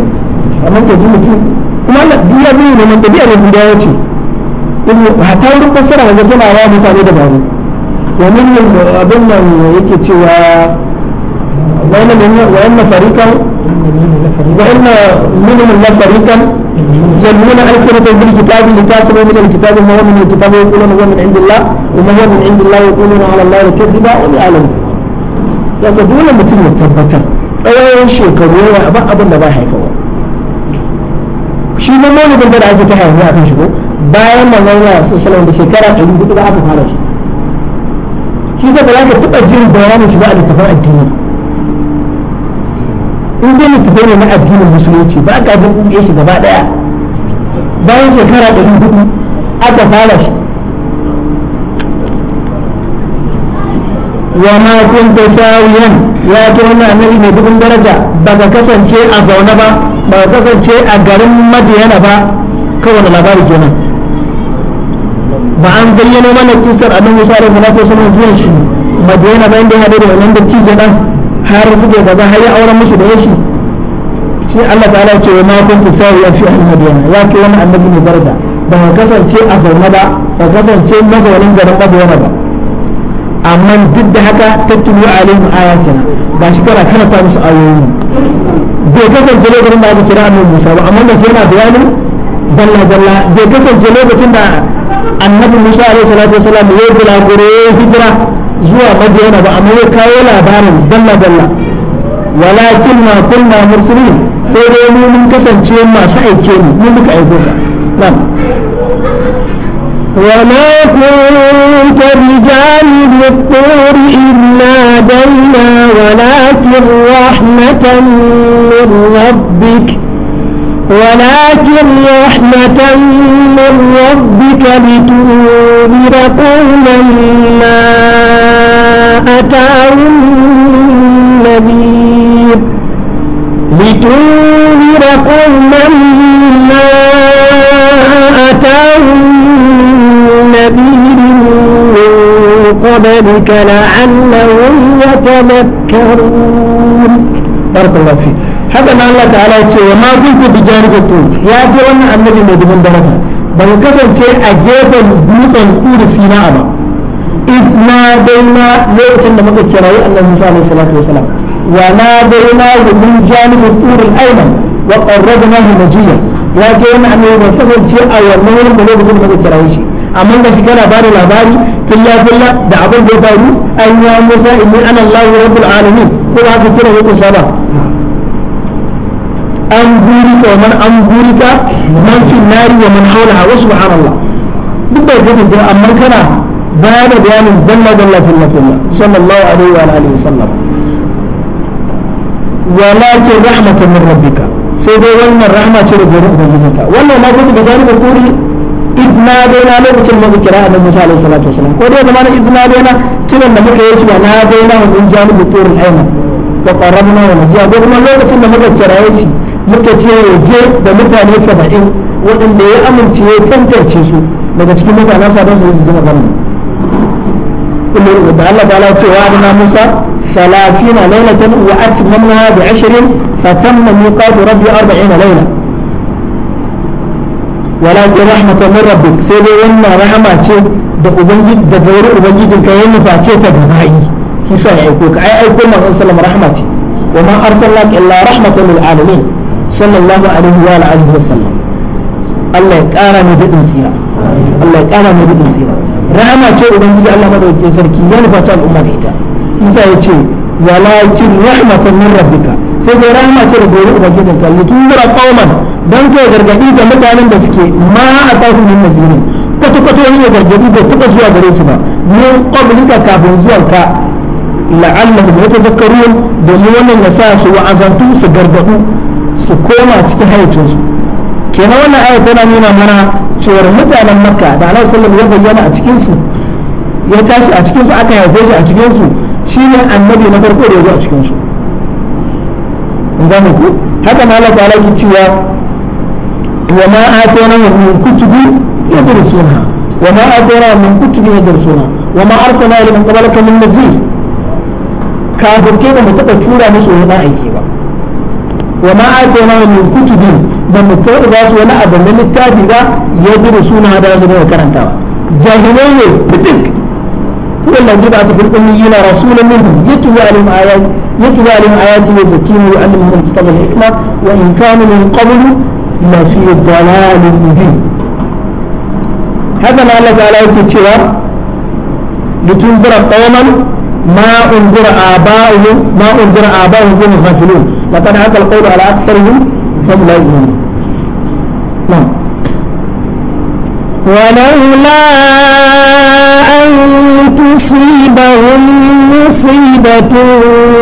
amma ka ji mutum kuma Allah duk ya zai neman da biyar da ya ce hatta wurin fassara wanda suna wa mutane da bani wa min abin nan yake cewa wani wa'anna farikan wa'anna minimum na farikan يزمون ألسنة بالكتاب لتاسبوا من الكتاب ما هو من الكتاب يقولون هو من عند الله وما هو من عند الله يقولون على الله الكذب وما يعلمون. لكن mutum ya tabbatar. tsawon shekaru yana ba abin da ba haifawa shi na maulidin da ake ta haihuwa kan shigo bayan manzon Allah sallallahu da shekara 400 da aka fara shi shi sai ba za ka taɓa jin bayanin shi ba a littafin addini in dai littafai ne na addinin musulunci ba ka bin ya shi gaba ɗaya bayan shekara 400 aka fara shi وما كنت ساويا يا كرنا النبي mai dubin daraja baka kasance a zaune ba baka kasance a garin madiyana ba kawai labari kenan ba an zayyano mana kisar annabi Musa alaihi salatu wasallam biyan shi madiyana bayan da ya hadu da wannan dattijo dan har suke gaba har ya auren musu da yashi shi Allah ta'ala ya ce wa ma kunta sawiyan fi ahli madiyana ya kai wani annabi mai daraja ba ka kasance a zaune ba ba kasance mazaunin garin madiyana ba amma duk da haka tattulu alaihim ayatina ba shi kana karanta musu ayoyi bai kasance lokacin da aka kira annabi Musa ba amma da sai yana bayanin dalla dalla bai kasance lokacin da annabi Musa alaihi salatu wasalam ya bulaguro ya hijira zuwa Madina ba amma ya kawo labarin dalla dalla walakin ma kunna mursalin sai dai mu mun kasance masu aike ne mun duka aiko ka na'am وما كنت بجانب الطور إذ نادينا ولكن رحمة من ربك ولكن رحمة من ربك لتنذر قوما ما أتاهم من نذير لتنذر قوما ما قبلك لعلهم يتذكرون بارك الله فيك هذا ما الله تعالى يقول وما كنت بجانب الطول يا ترى ان النبي مدب بركه بل كسر شيء اجاب بوثن كور سيناء اذ نادينا ليلة لما كنت ان موسى عليه الصلاه والسلام وناديناه من جانب الطول الايمن وقربناه نجيا يا ترى ان النبي كسر شيء اول ما يقول لك amma ga shiga labarin labari filla filla da abin da ya faru an ya musa inni ana allahu rabbul alamin ko ba haka kira hukun saba an burika wa man an burika man fi nari wa man haulaha wa subhanallah duk da kasance amma kana bayar da bayanin dalla dalla filla filla sallallahu alaihi wa alihi wa sallam walakin rahmatan min rabbika sai dai wannan rahma ce da gurin ubangijinka wannan ma kuma da jarumar turi idna daina lokacin muka kira annabi Musa alaihi salatu wasallam ko dai zamanin idna daina kiran da muka yi shi wa na daina mun a turul ayman wa qarrabna wa nadiya ko kuma lokacin da muka kira shi muka ce je da mutane 70 waɗanda ya amince ya tantance su daga cikin mutanen sa don su ji magana da Allah ta'ala ce wa adana Musa 30 lailatan wa atmamna bi 20 fatamma miqatu rabbi 40 laila wala walakin rahmatan min rabbik sai dai wannan rahama ce da ubangiji da gauri ubangijin ka ya nufa ce ta gaba kisa ya aiko ka ai aiko manzon sallallahu rahma ce wa ma arsalnak illa rahmatan lil alamin sallallahu alaihi wa alihi wa sallam Allah ya kara mu dadin tsira Allah ya kara mu dadin tsira rahama ce ubangiji Allah madaukakin sarki ya nufa ta al'umma da ita kisa ya ce walakin rahmatan min rabbika sai dai rahama ce da gauri ubangijin ka litunzira qauman don kai gargadi da mutanen da suke ma a tafi min madinin kwata wani ne gargadi da taba zuwa gare su ba mun qablika kafin zuwan ka la'allahum yatazakkarun domin wannan ya sa su wa'azantu su gargadu su koma cikin hayyacinsu kenan wannan aya tana nuna mana cewar mutanen makka da alaihi sallam ya bayyana a cikin su ya tashi a cikin su aka haife shi a cikin su shine annabi na farko da ya zo a cikin su ku haka ma Allah ta'ala ki cewa وما آتيناهم من كتب يدرسونها وما آتيناهم من كتب يدرسونها وما أرسلنا لمن قبلك من نذير kafin ke ba mu taɓa tura musu wani ba aiki ba wa ma atayna min kutubin ba mu taɓa ba su wani abu ba ya bi suna da su ne karantawa jahilai ne fitik wallan ji ba ta bil ummiyina لفي ضلال مبين هذا ما الله تعالى يتشوى لتنذر قوما ما انذر اباؤهم ما انذر اباؤهم هم غافلون لقد عاد القول على اكثرهم فهم لا يؤمنون نعم ولولا أن تصيبهم مصيبة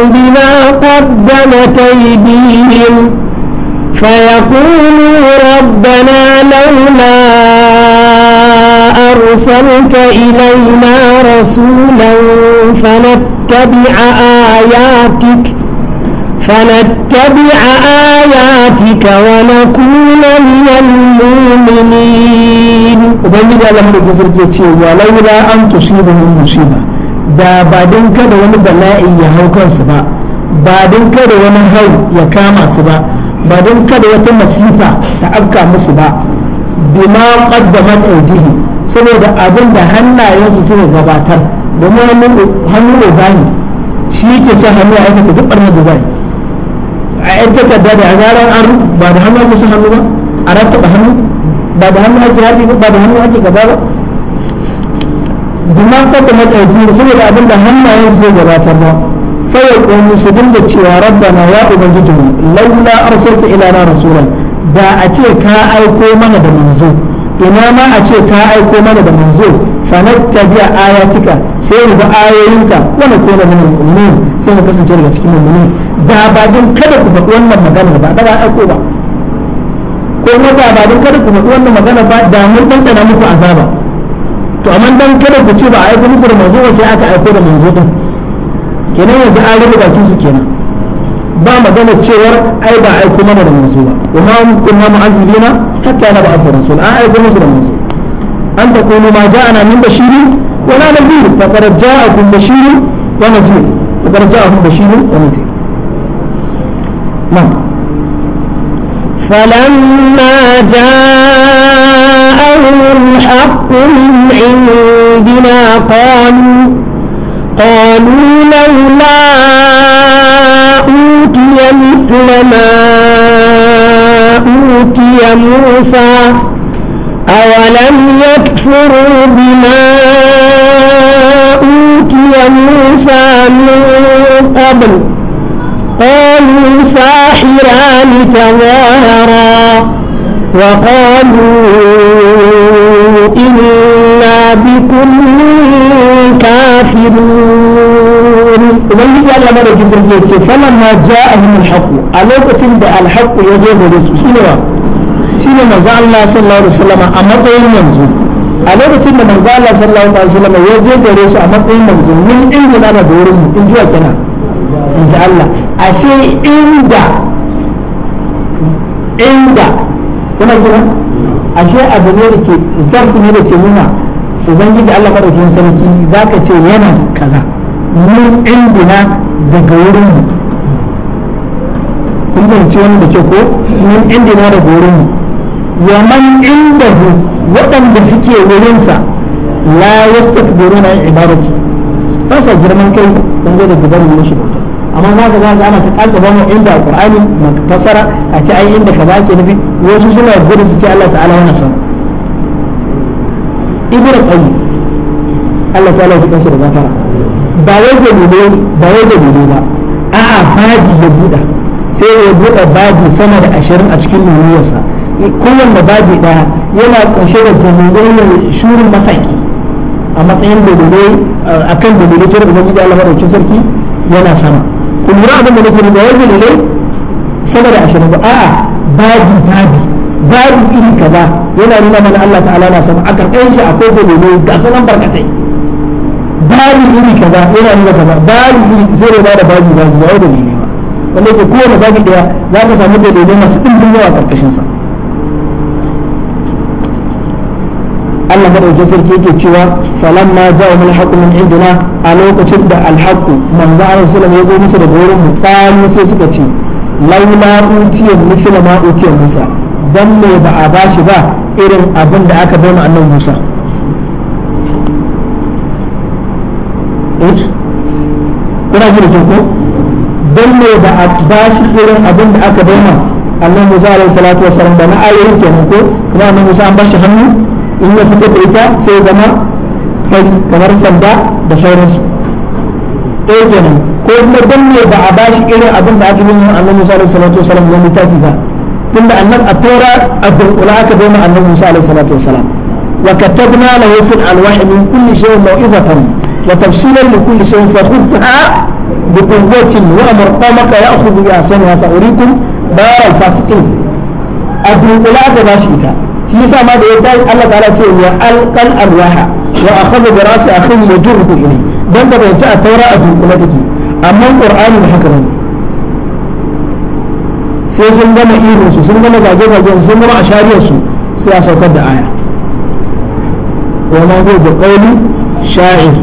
بما قدمت أيديهم فيقولوا ربنا لولا أرسلت إلينا رسولا فنتبع آياتك فنتبع آياتك ونكون من المؤمنين وبنجي الله من الجزر ولولا أن تصيبهم مصيبة da ba don kada wani bala'i ya hau kansu ba ba don kada wani hau ya kama su ba ba don kada wata masifa ta afka musu ba bima qaddamat aydihi saboda abin da hannayensu suka gabatar domin hannun uba ne shi yake sa hannu a aikata duk barnar da yi. a yan takarda da a zarar an ba da hannu ake sa hannu ba a rattaba hannu ba da hannu ake haɗi ba da hannu ake gaba ba bima qaddamat aydihi saboda abin da hannayensu suka gabatar ba fayakun su dinga cewa rabbana ya ubangijinmu laula arsalta ila na rasulan da a ce ka aiko mana da manzo ina ma aiko mana da manzo fa nattabi'a ayatika sai mu bi ayoyinka wa nakuna minal mu'minin sai mu kasance daga cikin mu'minin da ba kada ku faɗi wannan magana ba da aiko ba kuma da ba kada ku faɗi wannan magana ba da mun muku azaba to dan kada ku ce ba aiko muku sai aka aiko da manzo kenan yanzu an rufe bakin su kenan ba magana cewar ai ba ai kuma da manzo ba wa ma kunna mu'azzibina hatta na ba ba'a rasul an ai kuma su da manzo an ta kunu ma ja'ana min bashiri wa la nadhir faqad ja'akum bashiri wa nadhir faqad ja'akum bashiri wa nadhir na'am فلما جاءهم الحق من عندنا قالوا قالوا لولا أوتي مثل ما أوتي موسى أولم يكفروا بما أوتي موسى من قبل قالوا ساحران تظاهرا وقالوا إنا بكل kafirun ubangiji Allah madauki sarki yace falan ma ja'ahum al a lokacin da al ya zo gare su shine wa shine manzo Allah sallallahu alaihi wasallam a matsayin manzo a lokacin da manzo Allah sallallahu alaihi wasallam ya je gare su a matsayin manzo mun inda na da wurin mu in jiwa kenan in ji Allah ashe inda inda ashe abu ne da ke zarfi ne da ke nuna ubangiji Allah madaukakin sarki zaka ce yana kaza mun indina daga wurin mu kun fahimci wannan da ke ko mun indina daga wurin mu wa man indahu waɗanda suke wurin sa la yastakbiruna ibadati ba sa girman kai dangane da gudanar da shi amma za ka zaga ana ta ba mu inda alqur'ani fasara a ce ai inda kaza ke nufi wasu suna gudu su ce Allah ta'ala yana sama A'a qayyim Allah ta'ala ya kashi da gafara ba wai da ba wai da ne ba a'a babi ya buɗa sai ya buɗa babi sama da ashirin a cikin nuniyarsa kowanne babi ɗaya yana ƙunshe da dalilai shurin masaki a matsayin dalilai a kan dalilai ta rubuta mijin Allah madaukin sarki yana sama kun abin da nake ba wai dalilai sama da ashirin ba a'a babi babi babu iri kaza yana nuna mana Allah ta'ala na sama a karɓar shi akwai dalilai ga sanan barkatai babu iri kaza yana nuna kaza babu iri sai da bada babu babu ba da ne ba wanda ke kowane babu daya za ka samu dole masu ɗimbin yawa karkashin sa Allah madaukakin sarki yake cewa falamma ja'a min haqqin min indina a lokacin da alhaq manzo Allah sallallahu alaihi wasallam ya zo musu daga wurin mu sai suka ce laula utiyan musulma utiyan musa dan me ba a bashi ba irin abin da aka bai annan musa eh? kuna ji da ko dan me ba a bashi irin abin da aka bai ma annan musa alaihi salatu wasallam da na ayoyin kenan ko kuma annan musa an bashi hannu in ya fitar da ita sai zama kai kamar sanda da sauransu ɗaya eh kenan ko kuma dan me ba a bashi irin abin da aka bai ma annan musa alaihi salatu wasallam na littafi ba tunda annabi a taura a dunkula aka bai ma Musa alaihi salatu wasalam wa katabna lahu fil alwahi min kulli shay'in maw'izatan wa tafsilan li kulli shay'in fa khudha bi quwwatin wa amr qamaka ya'khudhu bi ahsaniha sa'urikum bara al-fasiqin a dunkula aka ba shi ita shi yasa ma da ya tashi Allah ta'ala ce wa alqal alwaha wa akhadha bi ra'si akhihi yajruhu ilayhi dan da bai ta a taura a dunkula take amma qur'ani haka ne sai sun gama ihun su sun gama zage-zagen sun gama a su sai a saukar da aya wa ma huwa bi qawli sha'ir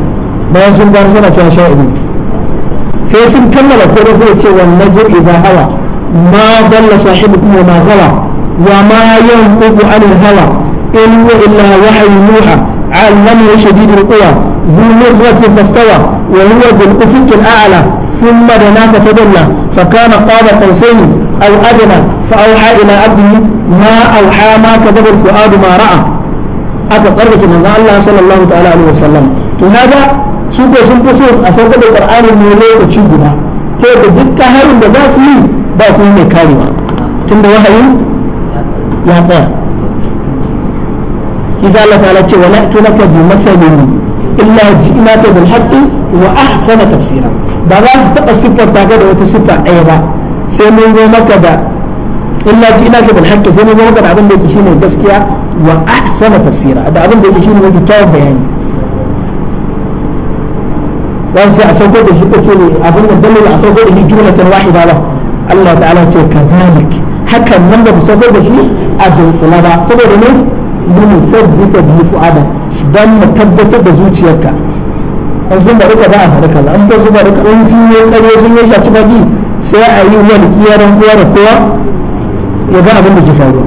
bayan sun bar suna cewa sha'iri sai sun kammala ko da zai ce wan najr idan hawa ma dalla sahibukum kuma ma ghawa wa ma yanṭiqu 'anil hawa in huwa illa wahyun yuha علمه شديد القوى ذو مرة فاستوى وهو بالأفق الأعلى ثم دنا فتدلى فكان قاب قوسين أو أدنى فأوحى إلى عبده ما أوحى ما كذب الفؤاد ما رأى أتفرج من الله صلى الله تعالى عليه وسلم هذا سوق سوق سوق أسوق القرآن المولى وتشبنا كيف دك هارون بذاسي باكو يكاري تند وحي يا سلام إذا الله تعالى ولأت لك بمثل إلا جئناك بالحق وأحسن تفسيرا براس تقصف التاقر وتصف أيضا سيمين مكدا إلا جئناك بالحق سيمين مكدا عبن بيت شين الدسكيا وأحسن تفسيرا هذا عبن بيت شين وفي كاو بيان سأسع سوكو دي شكو تولي عبن بلل عصوكو دي جملة واحدة له الله تعالى كذلك حكا نمبر سوكو دي شين أدو طلبا سوكو mun sabbita bi fu'ada dan mu tabbatar da zuciyarka an sun bari kaza a faɗi an ba su bari kaza sun yi kare sun yi shaci baki sai a yi wani kiyaran kowa da kowa ya ga abin da ke faru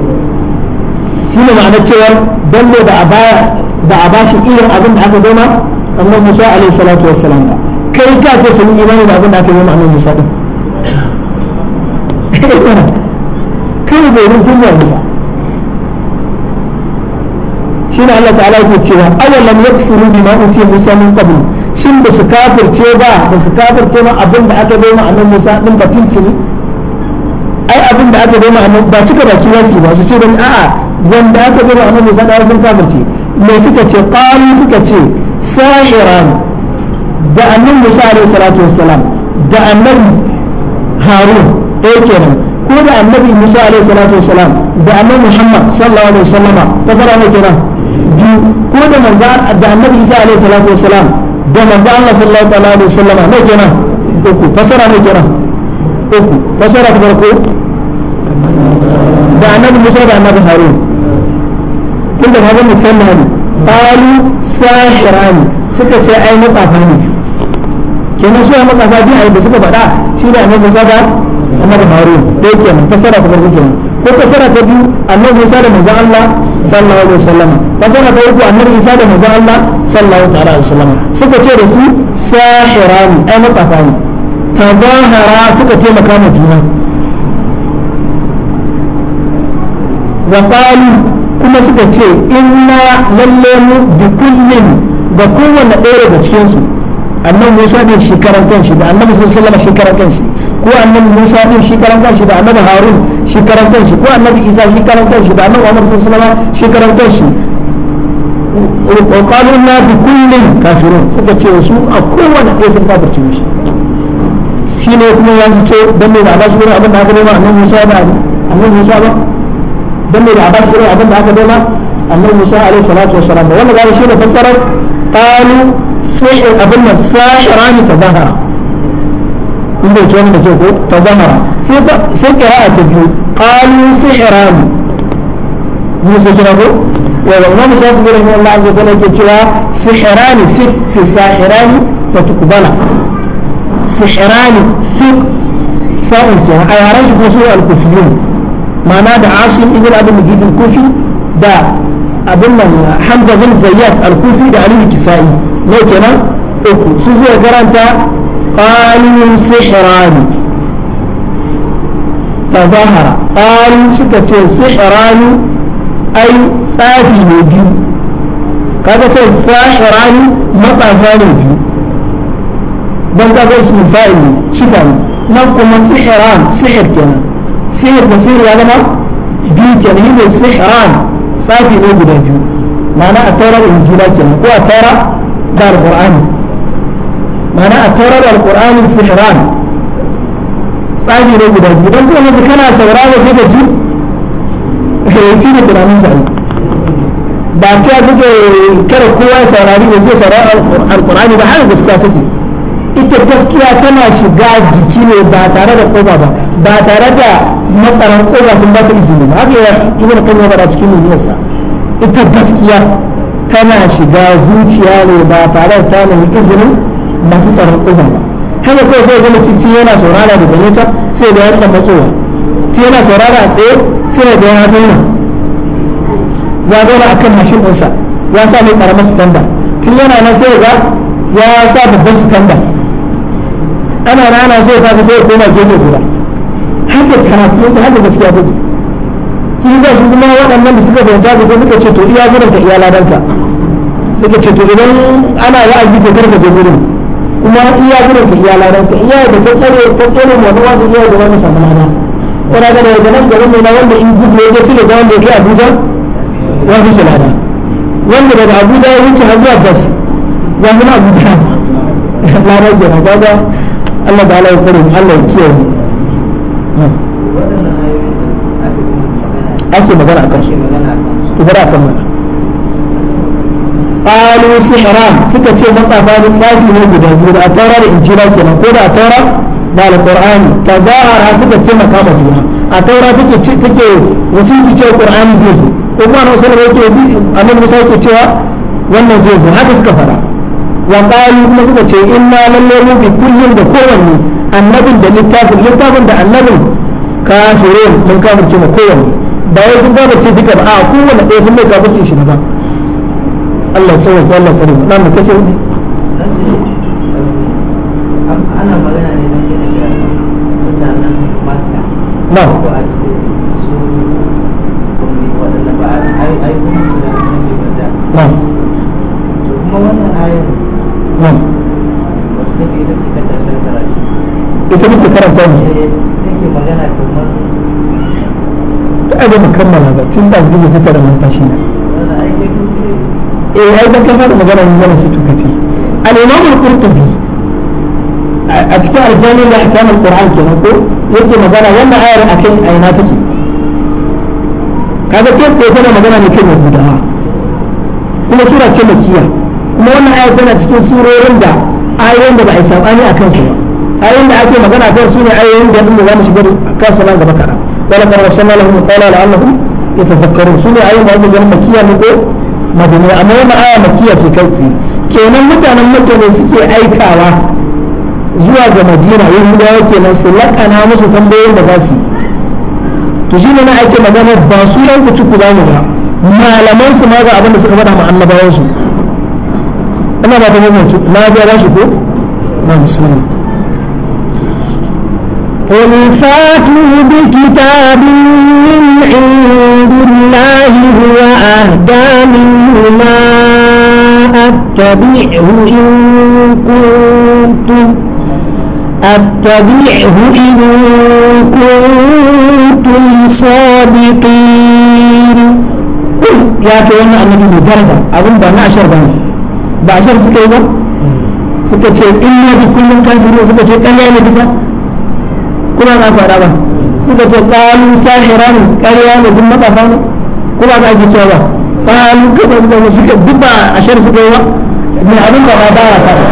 shi ne ma'anar cewa ne da a ba shi irin abin da aka goma annabi Musa alaihi salatu wassalam ba kai ka ce sun yi imani da abin da aka goma annabi Musa din kai ne bai rubutun ne ba shine Allah ta'ala yake cewa awalam yakfuru bima utiya Musa min qabl shin ba su kafirce ba ba su kafirce ma abin da aka bayyana annabi Musa din batun tuntuni? ai abin da aka bayyana annabi ba cika baki za su ba su ce ba bani a'a wanda aka bayyana annabi Musa da sun kafirce me suka ce qalu suka ce sahiran da annabi Musa alaihi salatu wassalam da annabi Harun ɗaya kenan ko da annabi Musa alaihi salatu wassalam da annabi Muhammad sallallahu alaihi wasallama ta fara ne kenan biyu ko da manzo da annabi isa alaihi salatu wasalam da manzo Allah sallallahu alaihi wasallam ne kenan uku fasara ne kenan uku fasara ta farko da annabi musa da annabi harun kun da hada musamman ne qalu sahirani suka ce ai matsafa ne kenan su ai matsafa biyu ai da suka faɗa shi da annabi musa da annabi harun dai kenan fasara ta farko kenan ko fasara ta biyu annabi Musa da manzon Allah sallallahu alaihi wasallam fasara ta uku annabi Isa da manzon Allah sallallahu ta'ala alaihi wasallam suka ce da su sahirani ai matsafa ne tazahara suka taimaka ma juna wa qalu kuma suka ce inna lalle mu bi kullin ga kowanne ɗaya daga cikin su annabi Musa ne shekaran kanshi da annabi sallallahu alaihi wasallam shekaran kanshi ko annabi Musa din shi karan kanshi da annabi Harun shi karan kanshi ko annabi Isa shi karan kanshi da annabi Muhammad sallallahu alaihi wasallam shi karan kanshi wa qalu inna bi kullin kafirun suka ce su a kowanne ɗaya sun kafirce shi shine kuma ya su ce dan me ba shi irin abin da aka nema annabi Musa ba annabi Musa ba dan me ba shi irin abin da aka nema annabi Musa alaihi salatu wassalam wannan ga shi ne fassarar qalu sai abin nan sa'irani tadahara kun bai ci da ke ko ta zamara sai kira'a ta biyu qalu sihrani mun sai kira ko wa wa imam shafi bin Allah azza wa jalla cewa sihrani fi fi sahirani ta tukbala sihrani fi sa'un ke a yaran shi ko su al ma'ana da asim ibn abdul mujid al-kufi da abin nan hamza bin zayyad al da ali kisai ne kenan uku su zai karanta قالوا سحران تظهر قالوا سكت سحران أي صافي نبي كذا سحران مصافان نبي بل كذا اسم الفائل شفا نبقوا سحران سحر كنا سحر بصير يا جماعة بيت يعني هي سحران صافي نبي نبي معنى أترى الإنجيلات يعني هو أترى دار القرآن mana a taurar alƙur'ani sihiran tsari ne guda biyu don kuma su kana saurara sai ka ji eh, shi ne tunanin sa ba cewa suke kare kowa ya saurari ya ke saurara alƙur'ani ba haka gaskiya take ita gaskiya tana shiga jiki ne ba tare da koba ba ba tare da matsaran koba sun ba ta izini ba haka ya ibn kan ya faɗa cikin duniyarsa ita gaskiya tana shiga zuciya ne ba tare da ta nemi izinin masu tsaron kofar ba haka kawai sai ga cikin yana saurara daga nesa sai da ya rika matsowa tun yana saurara a tsaye sai da ya zauna ya zauna akan mashin ɗinsa ya sa mai ƙaramar standa tun yana nan sai ga ya sa babban standa ana rana sai ka sai koma gefe guda haka kuma da haka gaskiya take shi za su kuma waɗannan da suka bauta da sai suka ce to iya gurin ka iya ladanka suka ce to idan ana wa'azi ka karka je gurin kuma iya gudun ta iya ladan ka iya da ta tsare ta tsare mu wani wani iya da wani samu ladan kuna ga daga nan garin mai na wanda in gudu ya gasu da wanda ya kai abuja ya fi ladan wanda daga abuja ya wuce har zuwa jas ya fi na abuja ladan gina kaga allah da ala ya tsare allah ya kiyaye ake magana a kan su ibara a kan mana qalu sihran suka ce matsafa ne tsafi ne guda biyu da atara da injila kenan ko da atara da alqur'ani tazahara suka ce makama juna atara take ce take wasu su ce qur'ani zai zo ko kuma annabi sallallahu alaihi wasallam annabi Musa yake cewa wannan zai zo haka suka fara wa qalu kuma suka ce inna lallahu bi kullin da kowanne annabin da littafin littafin da annabin kafirin mun kafirce ma kowanne ba wai sun kafirce duka ba a kowanne ɗaya sun mai kafircin shi ba. Allah sai wake Allah sai na mu kace ne ana magana ne da mutanen Makka na ko a ce su kuma wadanda ba ai ai kuma su da annabi bada na to kuma wannan ayar na wasu take ita ce ta karshen karatu ita muke karanta ne eh, take magana kamar ta abin kammala ba tun da zuwa take da numfashi na eh har ban kafa da magana ne zan ce to kace al-imam al-qurtubi a cikin aljami da ahkam al-qur'an kenan ko yake magana wannan ayar akan aina take kaga ke ko tana magana ne kan yahudawa kuma sura ce makiya kuma wannan ayar tana cikin surorin da ayoyin da ba a yi sabani a kansu ba ayoyin da ake magana kan su ne ayoyin da inda za mu shiga kansu nan gaba kana wala karwashin lahum qala la'annahum yatafakkarun su ne ayoyin da ake ganin makiya ne ko madaniya amma yana aya makiya ce kai tsaye kenan mutanen mutane suke aikawa zuwa ga madina yahudawa kenan su laƙana musu tambayoyin da za su yi to shine na ake magana ba su ran ku ci ku ba mu ba malaman su ma ga abin da suka faɗa ma annabawan su ina ba ta mutunci na ga ba shi ko na bismillah قل فاتوا بكتاب من عند الله هو أهدى منهما أتبعه إن كنتم أتبعه إن كنتم صادقين قل يا كيما النبي درجة أظن بأن أشر بأن بأشر سكيبا سكتشي إنا بكل كافر وسكتشي كلا يلبسا kuma na faɗa ba suka ce ƙalu sahiran ƙarya ne duk matsafa ne kuma na ake cewa ba ƙalu kasa suka ne suka duk ba a shar suka yi ba mai abin da ba baya faɗa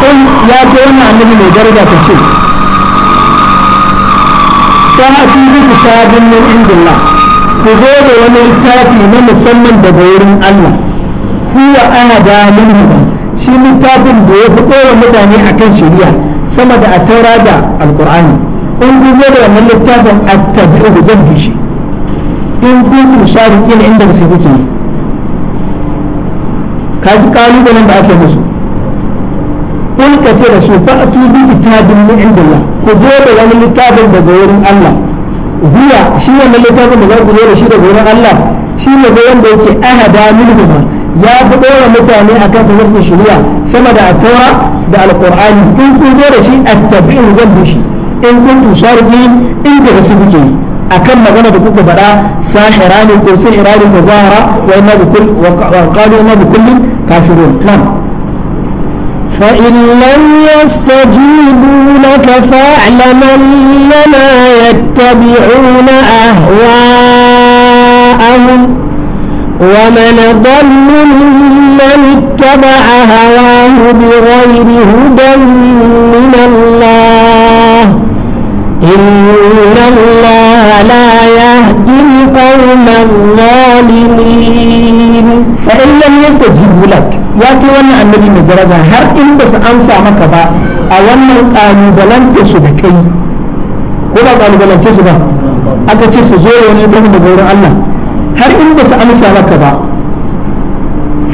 ɗan ya ce wannan annabi mai daraja ta ce ta haƙi duk ta binne indillah ku zo da wani littafi na musamman daga wurin Allah huwa ana da mulki shi littafin da ya fi kowa mutane akan shari'a sama da a taura da alkur'ani in kun zo da wannan littafin a tabi'u da zan bishi in kun ku shari kila inda ba sai kuke ka ji kalubalen da ake musu in ka ce da su fa atubi kitabin inda indillah ku zo da wani littafin daga wurin Allah huwa shi wannan littafin da za ku zo da shi daga wurin Allah shi ne wanda yake ahada minhu ma يا فدور متعني أكان تزرق شريعة سمع دع التورة دع القرآن إن كنت رشي التبعي جنب شي إن كنت مشاركين إن تغسل أكم مغنى بكوك ساحران سحران كظاهرة وإما بكل وقالوا إما بكل كافرون نعم فإن لم يستجيبوا لك فاعلم أنما يتبعون أهواءهم ومن ضل ممن اتبع هواه بغير هدى من الله إن الله لا يهدي القوم الظالمين فإن لم يستجيبوا لك يأتي وانا النبي من درجة هر إن بس أنسى مكبا أولا قالوا بلن تسبكي كما قالوا بلن تسبك أكتسي زوري ونيدهم بغير الله har in ba su amsa maka ba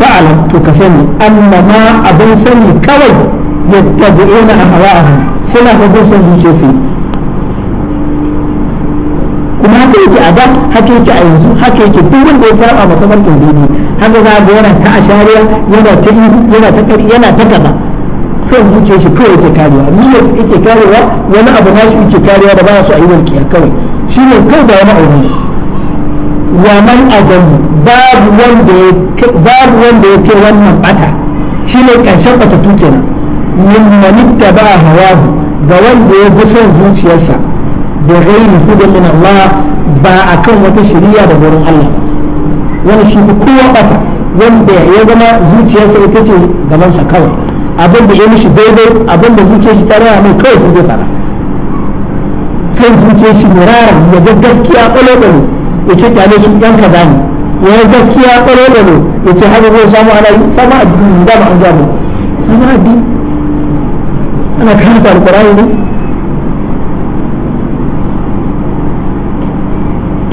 fa'alam to ka sani amma ma abin sani kawai a ahwa'ahum suna hukun zuce su kuma haka yake a da haka yake a yanzu haka yake duk wanda ya saba mata barkin daidai haka za ga yana ta ashariya yana ta yana ta kari yana ta kaba son zuce shi kawai yake karewa su yake karewa wani abu nashi yake karewa da ba su a yi walƙiya kawai shi ne kawai da wani aure wa man adamu babu wanda ya babu wanda ya ke wannan bata shine karshen bata kenan min manitta ba hawahu ga wanda ya bi son zuciyarsa da ghairi hudan min Allah ba akan wata shari'a da gurin Allah wani shi kowa bata wanda ya zama zuciyarsa ita ce gabansa kawai abin da ya mishi daidai abin da zuciyarsa ta rana mai kawai sun zai fara sai zuciyarsa murarar ya ga gaskiya kwalo-kwalo ya ce kyale su yan kaza ne ya yi gaskiya kwaro da ne ya ce haka zai samu ana sama addini da ba an gano sama addini ana karanta alkurani ne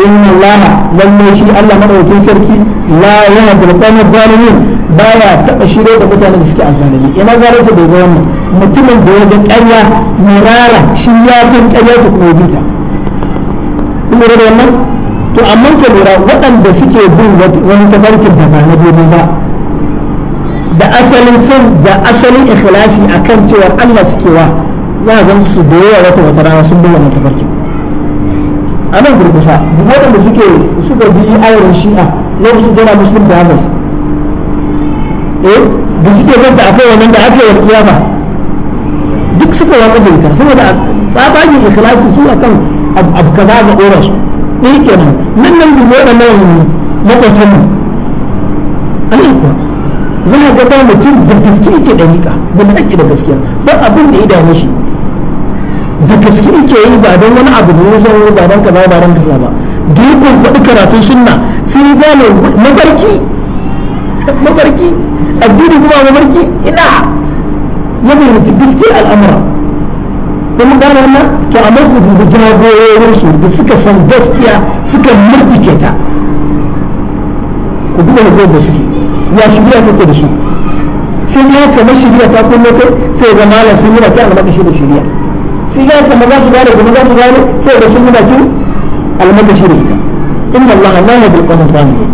inna allaha lalle shi Allah madaukakin sarki la yahdi al-qawma zalimin ya taɓa shirye da mutanen da suke azzalimi ina zalunci bai ga wannan mutumin da ya ga ƙarya murara shi ya san ƙarya ta kuma bita kuma da wannan to amma ka lura waɗanda suke bin wani tafarkin da ba na daidai ba da asalin sun da asalin ikhlasi akan cewa Allah suke wa za a gan su da yawa wata wata rana sun bi wannan tafarkin a nan gurgusa duk waɗanda suke suka bi ayarin shi'a lokacin jana muslim brothers eh da suke ganta akan wannan da aka yi ba duk suka waka da ita saboda tsabagen ikhlasi su akan abu kaza ga ɗora su ɗaya kenan nan nan dubu waɗannan makwacin Allah kuwa za a ga ba mutum da gaske yake ɗariƙa da haƙƙi da gaskiya ba abin da ya dame shi da gaske yake yi ba don wani abu da ya zama ba don kaza ba don kaza ba da ya kwankwaɗi karatun sunna sai ya gane mabarki mabarki addini kuma mabarki ina ya fahimci gaskiyar al'amura kuma gane wannan to amma ku dubi su da suka san gaskiya suka murtike ta ku dubi ko da shi ya shi shirya take da shi sai ya kama shirya ta kunne kai sai ga malam sun yi ta almakashi da shirya sai ya kama za su gane kuma za su gane sai ga sun yi bakin shi da ita inna allah la yadul qawl zalimin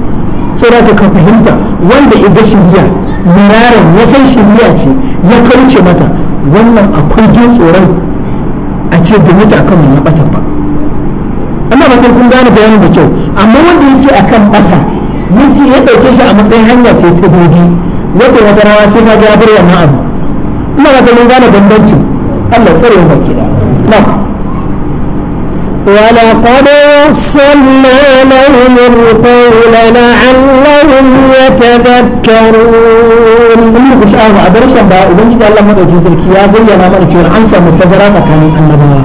sai da ka fahimta wanda ya ga shirya miraran ya san shirya ce ya kauce mata wannan akwai jin tsoron ce da mutu akan mun bata ba Allah ba kun gane bayanin da kyau amma wanda yake akan bata yake ya dauke shi a matsayin hanya ce ta daidai wata wata rawa sai ka ga bar wannan abu ina ba kun gane bambanci Allah tsare mu baki da na ولقد وصلنا لهم القول لعلهم يتذكرون mun ku sha'awa a darussan ba ubangiji Allah madaukin sarki ya zayyana mana cewa an samu tazara tsakanin annabawa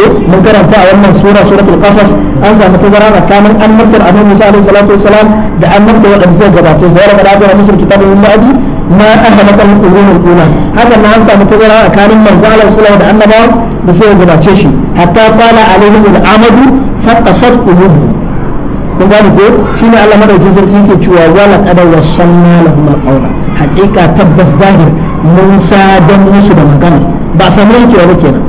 eh mun karanta a wannan sura suratul qasas an samu tazara tsakanin annabtar annabi Musa alaihi salatu wasalam da annabta wadanda suka gabata zai raga da ma ahmaka al-qurun al-ula haka na an samu tazara tsakanin manzo Allah sallallahu da annabawa da su gabace shi hatta qala alaihim al-amadu faqasat qulubuhum kun gani ko shine Allah madaukin sarki yake cewa wala qad wasanna lahum al-qawla haqiqa tabbas zahir mun da musu da magana ba samu yankewa ba kenan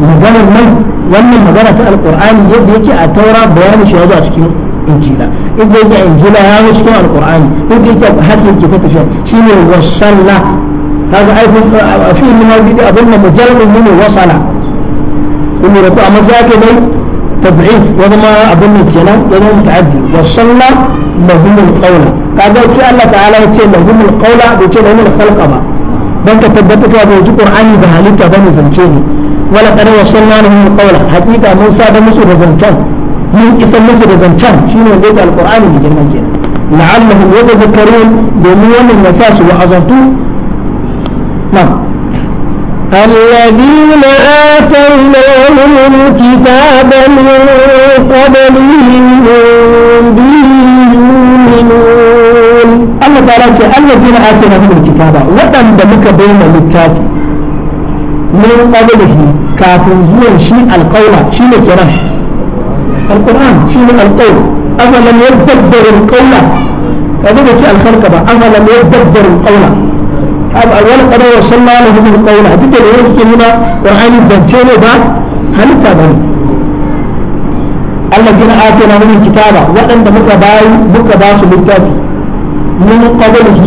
maganar nan wannan magana ta alkur'ani yadda yake a taura bayani shi yazo a cikin injila inda ya injila ya zo cikin alqur'ani inda yake haka yake ta tafiya shine wasalla kaga ai fi limadi da abin da mujarradin ne wasala kullu rabu amma zaka dai tad'if ya zama abin nan kenan ya zama muta'addi wasalla lahum alqawla kaga sai Allah ta'ala ya ce lahum alqawla da ce lahum alkhalqa ba dan ka tabbata ka bai ji qur'ani da halitta bane zance ne wala qad wasalna lahum alqawla hakika mun sa da musu da zancen mun isar musu da zancen shine wanda yake alqur'ani mai girma kenan la'allahum yadhakkarun domin wannan ya sa su wa'azantu na'am الذين آتيناهم الكتاب من قبله هم به يؤمنون الله تعالى قال الذين آتيناهم الكتاب ودن دمك بين الكتاب من قبله كافر زور شيء القول شيء كرم القرآن شنو القول أفلم يدبر القول هذا بتاع الخلق بقى أفلم يدبر القول ولقد وصلنا لهم القول هذيك اللي يسكن هنا وعين الزنجين ده هل تابعين الذين آتيناهم الكتاب وعند مكباي مكباس بالتابي من قبله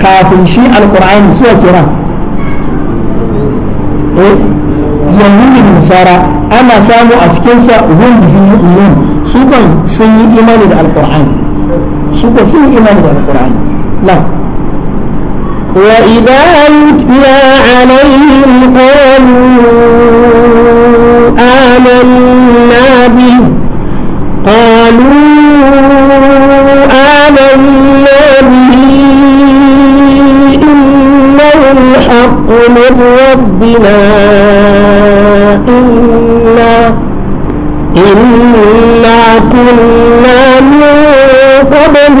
كافي شيء القرآن سوى كرام إيه يهود النصارى ana samu a cikinsa hum mu'minun su kan sun yi imani da alqur'ani su kan sun yi imani da alqur'ani la وإذا يتلى عليهم قالوا آمنا به قالوا آمنا به إنه الحق من ربنا كنا من قبله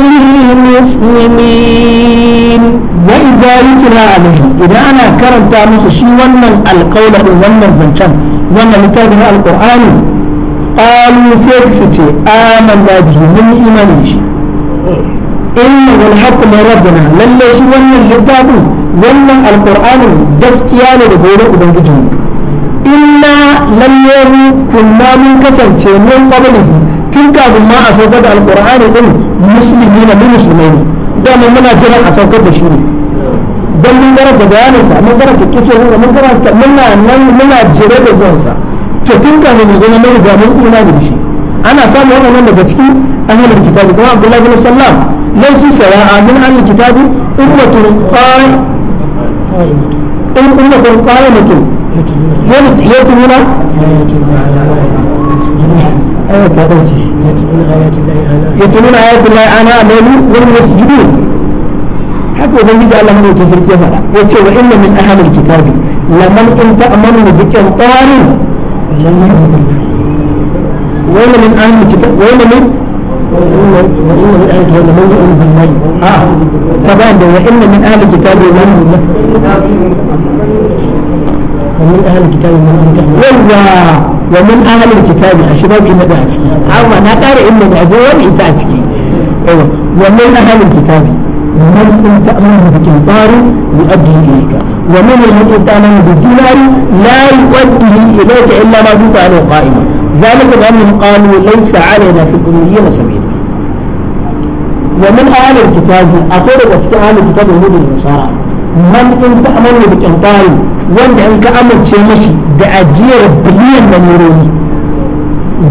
مسلمين وإذا يتلى عليهم إذا أنا كرمت أمس شي ونن القول ونن زنشان ونن لتابع القرآن قالوا سيكسة آمنا به من إيمان بشي إنه الحق من ربنا للي شي ونن لتابع ونن القرآن دسكيان لغيره أبنجي إنا لم يروا كنا من كسنشي من قبله tun kafin ma a saukar da alkur'ani din musulmi na mu musulmai ne dama muna jira a saukar da shi ne don mun gara da bayanin sa mun gara da kiso mun mun gara da muna nan muna jira da zuwan sa to tun kafin mu zama mun ga mun imani da shi ana samun wannan daga cikin ahlul kitab kuma Abdullah bin Sallam laysa sara'a min ahlul kitab ummatun qa'imah أمة قائمة يتلون آياتنا آيات آيات الله أنا يتلون آيات الله أنا ليلو وهم حكوا بيجي الله من تزكية فلا يتلو إن من أهل الكتاب لمن إن تأمنوا بكنطار وإن من أهل الكتاب وإن من وإن من أهل الكتاب لمن يؤمن بالمي آه وإن من أهل الكتاب لمن ومن أهل الكتاب لمن أنت والله wa min ahlil kitabi a shibab inna da a ciki amma na ƙara inna da zo wani ita a ciki wa min ahlil kitabi man in ta'amanu bi qintaru yu'addi ilayka wa min alladhi ta'amanu bi dinari la yu'addi ilayka illa ma duka alayhi qa'ima ذلك بأنهم قالوا ليس علينا في الأميين سبيل ومن أهل الكتاب أقول wanda in ka amince mashi da ajiyar biliyan na neroni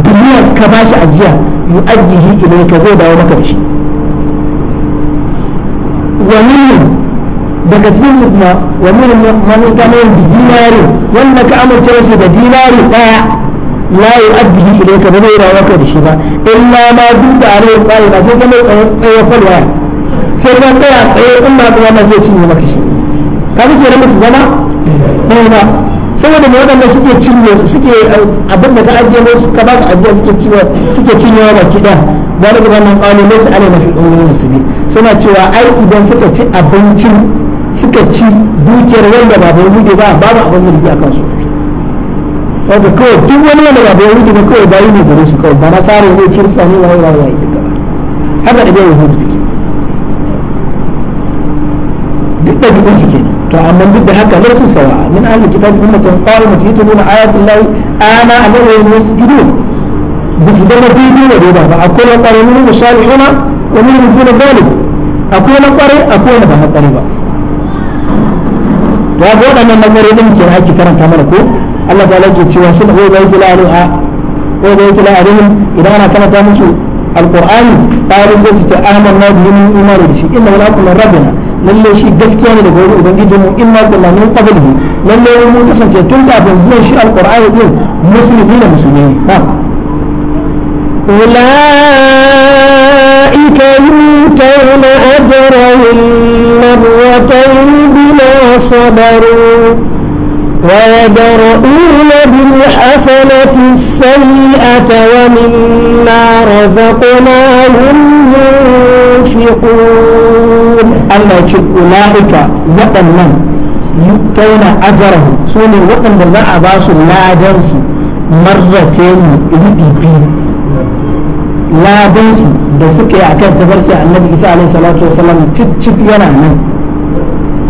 biliyan ka ba shi ajiya yu'addihi ilayka zai dawo maka da shi wannan daga cikin su wani wa min man kana bi dinari wanda ka amince masa da dinari daya la yu'addihi ilayka ba zai dawo maka da shi ba illa ma duka alai qali ba sai ka mai tsaye tsaye falwaya sai ka tsaya tsaye in ba kuma ma sai cinye maka shi kaga da musu zama ba saboda mai waɗanda suke cinye suke eh, abin da ka ajiye musu ka ba su ajiya suke cinye suke cinye wa baki ɗaya zalika ba man qalu laysa alaina ne umurin suna cewa ai idan suka ci abincin suka ci dukiyar wanda ba bai rudi ba babu abin zargi a su. wato kawai duk wani wanda ba bai rudi ba kawai bayi ne gare su kawai ba na sare ne kirsa ne wai wai wai duka haka da bai yahudu duk da duk su ne to amma duk da haka sun sawa min ahli kitab ummatun qa'imatun yatluna ayatillahi ana alayhi yasjudun ba su zama daidai da daidai ba akwai na kwarai min musali'una wa min duna zalik akwai na kwarai akwai na ba na kwarai ba to ga waɗannan na kwarai din ke ake karanta mana ko Allah ta lake cewa sun ko da yake la'alu a ko da yake la'alu idan ana karanta musu alqur'ani qalu fa ta amanna bihi min imani da shi inna wala kullu rabbina lalle shi gaskiya ne daga wurin ubangiji mu inna kunna min qablihi lalle mun kasance tun kafin zuwan shi alqur'ani din musulmi da musulmi ne ha أولئك يؤتون أجرهم مرتين بما صبروا ويدرؤون بالحسنة السيئة ومما رزقناهم ينفقون ينفقون الله يقول أولئك وأنا يؤتون أجرهم سوني وأنا su أباس لا دنسي مرتين بيبي لا دنسي da suka yi akan tabarki annabi isa alaihi salatu wasallam cicci yana nan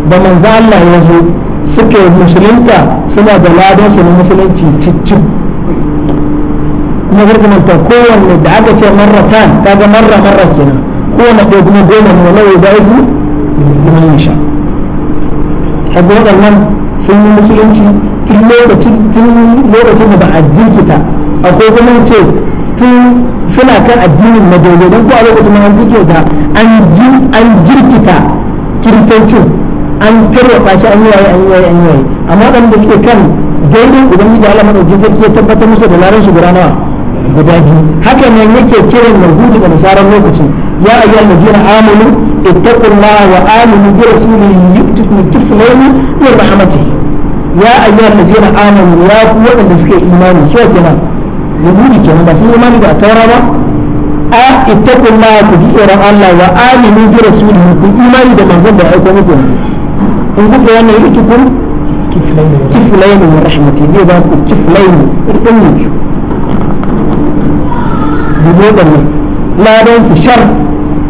da manzo Allah ya zo suka yi musulunta suna da ladan su na musulunci cicci kuma gargamanta kowanne da aka ce ta kaga marra marra kenan kowane ɗaya kuma goma ne wallahi da yake liman yasha kaga waɗannan sun yi musulunci tun lokacin tun lokacin da ba a jinkita akwai kuma ce tun suna kan addinin na daidai don ko a lokacin an jinkita an jirkita kiristancin an tarwata shi an yi waye an yi waye an yi waye amma waɗanda suke kan daidai ubangiji Allah madaukakin sarki ya tabbatar musu da laran su guda guda biyu haka nan yake kiran yahudi da nasarar lokaci يا أيها الذين آمنوا اتقوا الله وآمنوا برسوله يؤتكم كفلين من رحمته يا أيها الذين آمنوا يا قوة الذين إيمانوا سوى جنا يقولي جنا بس إيمانوا بأترى ما آه، اتقوا الله كجزء الله وآمنوا برسوله في إيمانوا بمنزل بأيكم أقول انقل لأن يعني يؤتكم كفلين من رحمته ذي بأنكم كفلين ارقموا بمودة لا دون في شر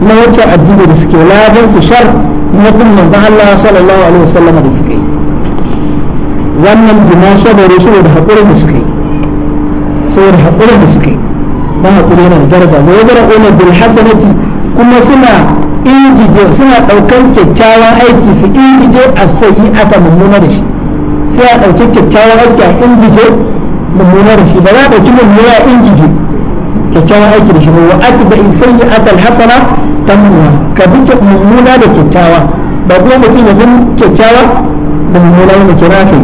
na wancan addini da suke ladan su shar na bin manzon Allah sallallahu alaihi wasallam da suke wannan bima sabaru saboda haƙurin da suke saboda haƙurin da suke ba haƙuri yana da daraja wa yadra'una bil hasanati kuma suna ingije suna ɗaukar kyakkyawan aiki su ingije a sayi aka mummuna da shi sai a ɗauki kyakkyawan aiki a ingije mummuna da shi ba za a ɗauki mummuna ingije kyakkyawan aiki da shi wa atba'i sayyi'atal hasana tamuha ka bi mummuna da kyakkyawa ba kuma mutum ya bin kyakkyawa da mummuna wanda ke nafi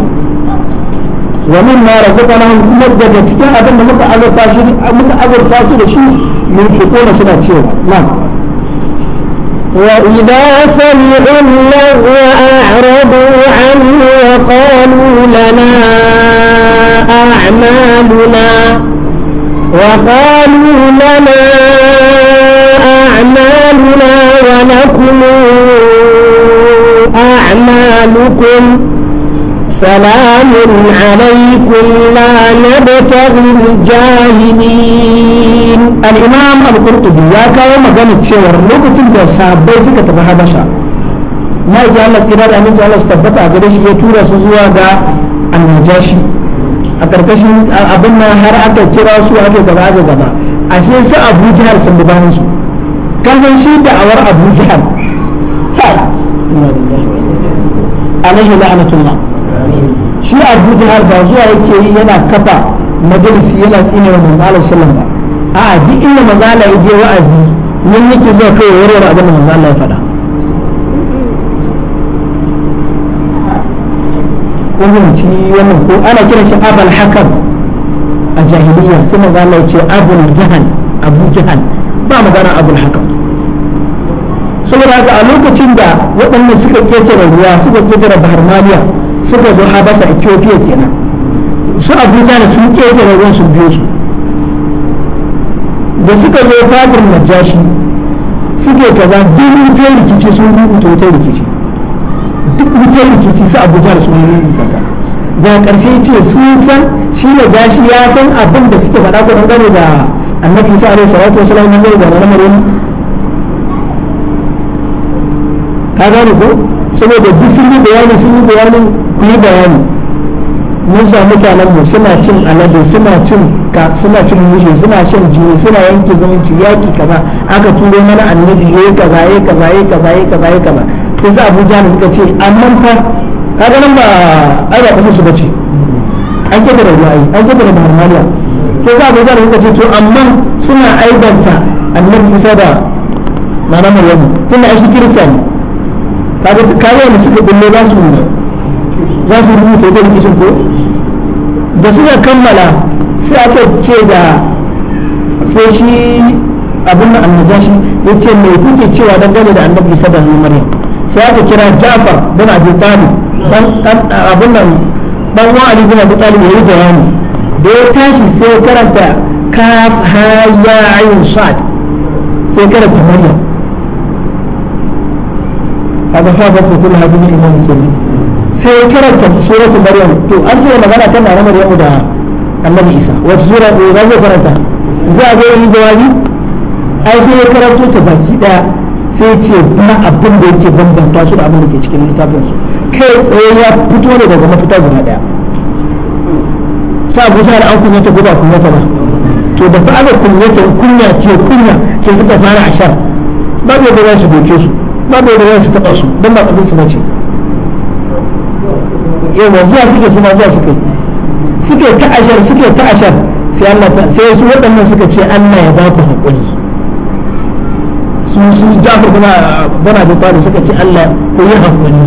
wa min ma razaqnahum kuma daga cikin abin da muka azurta shi muka azurta su da shi mun fiko suna cewa na'am وإذا سمعوا اللغو أعرضوا عنه وقالوا لنا أعمالنا وقالوا لنا أعمالنا ولكم أعمالكم سلام عليكم لا نبتغي الجاهلين الإمام القرطبي يا كاو مغاني تشور لوكتين ده سابي سكة بحبشة ما يجعل الله تيرا ده من جعل استبتع قدش يتورا سزوا ده النجاشي a ƙarƙashin abin nan har aka kira su aka gaba aka gaba ashe su abu jihar sun bayan su kasan shi da awar abu jihar ta alaihi la'anatullah shi abu jihar ba zuwa yake yi yana kafa majalisi yana tsine wa manzo Allah sallallahu alaihi wasallam ba a duk inda manzo Allah ya je wa'azi nan yake zuwa kai warware abin da manzo Allah ya faɗa kuhunci wannan ko ana kiran shi abal hakam a jahiliya sai maza Allah ce abul jahan abu jahan ba magana abul hakam saboda haka a lokacin da waɗannan suka ƙetare ruwa suka ƙetare baharmaliya suka zo habasa ethiopia kenan su abu jahal sun ƙetare ruwan sun biyo su da suka zo fadin najashi suke kaza duk wutar rikici sun rubuta wutar rikici duk wutar da ci su abuja da sunan rubuta kaka da karshe ce sun san shi ne gashi ya san abin da suke faɗa ko dangane da annabi isa alaihi salatu wasallam dangane da ranar maryam ka gane ko saboda duk sun yi bayani sun yi bayanin ku yi bayani mun sa mutanen mu suna cin alade suna cin ka suna cin mushe suna shan jini suna yanke zumunci yaki kaza aka turo mana annabi yayi kaza yayi kaza yayi kaza yayi kaza yayi kaza sai sa abu jahal suka ce amma fa kaga nan ba ai ba kasar su bace an kefe da ruwa an kefe da harmaliya sai sa abu jahal suka ce to amma suna aibanta nan isa da mana maryamu tun da su kirista ne kaga kaga wanda suka bulle za su za su rubuta ita rikicin ko da suka kammala sai aka ce da sai shi abin da annajashi ya ce mai kuke cewa dangane da annabi isa da maryam sai aka kira Ja'far bin Abi Talib dan abin nan dan wa Ali bin Abi Talib yayi bayani da ya tashi sai ya karanta kaf ha ya ayin sad sai karanta Maryam kaga fa ba kullu hadin imam kenan sai ya karanta suratul Maryam to an ce magana kan na Maryam da Annabi Isa wata sura ne eh, zai karanta za a ga yi jawabi ai sai ya karanto ta baki daya sai ce ba abin da yake bambanta su da abin da ke cikin littafin su kai tsaye ya fito ne daga mafita guda daya sa abu jihar an kunyata guda ba kunyata ba to da ba aka kunyata kunya ce kunya sai suka fara ashar babu yadda za su doke su babu yadda za su taba su don ba kasar su ba yawa zuwa suke suma zuwa suke suke ta ashar suke ta ashar sai ta sai su waɗannan suka ce Allah ya ba ku haƙuri su su jafar bin bin abi talib suka ce Allah ko yi hakuri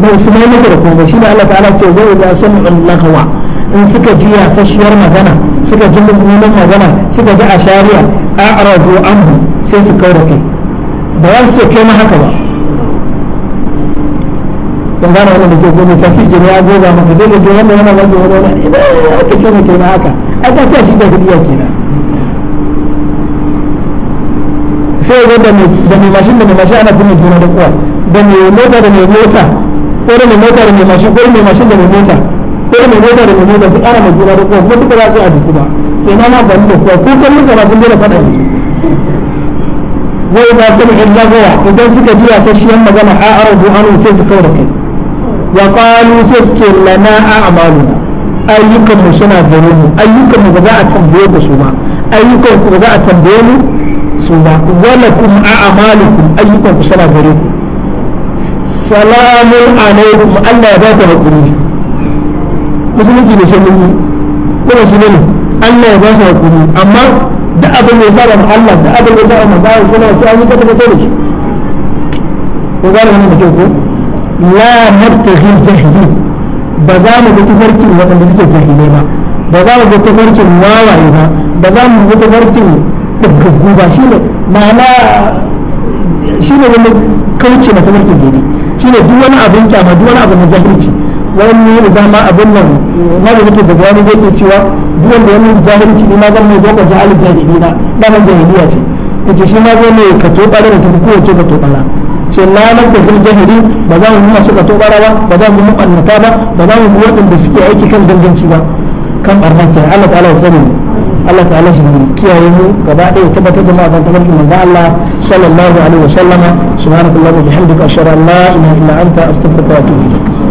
mai su mai masa da komai shine Allah ta'ala ce wa idza sami'u al-lahwa in suka ji yasashiyar magana suka ji mummunan magana suka ji ashariya a'radu anhu sai su kaura kai ba za su ce kai ma haka ba kun gane wannan da ke gome ta sai jini ya goga maka zai ga wannan yana zagi wani wani ina eh, aka ce mai kai ma haka ai ta fiya shi jahiliya kenan sai ga da mai mashin da mai mashin ana kuma juna da kuwa da mai mota da mai mota ko da mai mota da mai mashin ko da mai mashin da mai mota ko da mai mota da mai mota duk ana mai juna da kuwa kuma duka za su yi a duku ba kenan na gani da kuwa ko kan muka ba sun dole faɗa yanzu wai ba su da illagawa idan suka biya sashiyan magana a arabu anu sai su kaura kai wa qalu sai su ce lana a amaluna ayyukanmu suna gare mu ayyukanmu ba za a tambaye ku su ba ayyukanku ba za a tambaye mu su ba walakum a amalukum ayyukan ku sana gare ku salamun alaikum Allah ya ba ku hakuri musulunci ne sai yi kuma su ne Allah ya ba su hakuri amma da abin ya saba ma Allah da abin ya saba ma bayan suna sai an yi kwata kwata da shi ko gane wannan da kyau ko la nabtaghi jahili ba za mu ga tafarkin waɗanda suke jahilai ba ba za mu ga tafarkin wawaye ba ba za mu ga tafarkin ɗaggaggu ba shi ne ma'ana shi ne wani kauce na tamarkin gari shi ne duk wani abin kyama duk wani abu na jahilci wani idan ma abin nan na rubuta daga wani zai iya cewa duk wanda wani jahilci ne ma zan mai dokar jahalin jahilina na nan jahiliya ce ya ce shi ma zai mai ka tobara da tafi kowace ka tobara ce lalar tafiyar jahili ba za mu yi masu ka tobara ba ba za mu yi mu'annata ba ba za mu yi waɗanda suke aiki kan ganganci ba kan ɓarnar kenan Allah ta'ala ya sani Allah ta'ala shi ne kiyaye mu gaba ɗaya tabbatar da mu akan tabarkin manzo Allah sallallahu alaihi wa sallama subhanallahi wa bihamdika ashhadu an la ilaha illa anta astaghfiruka wa atubu ilaik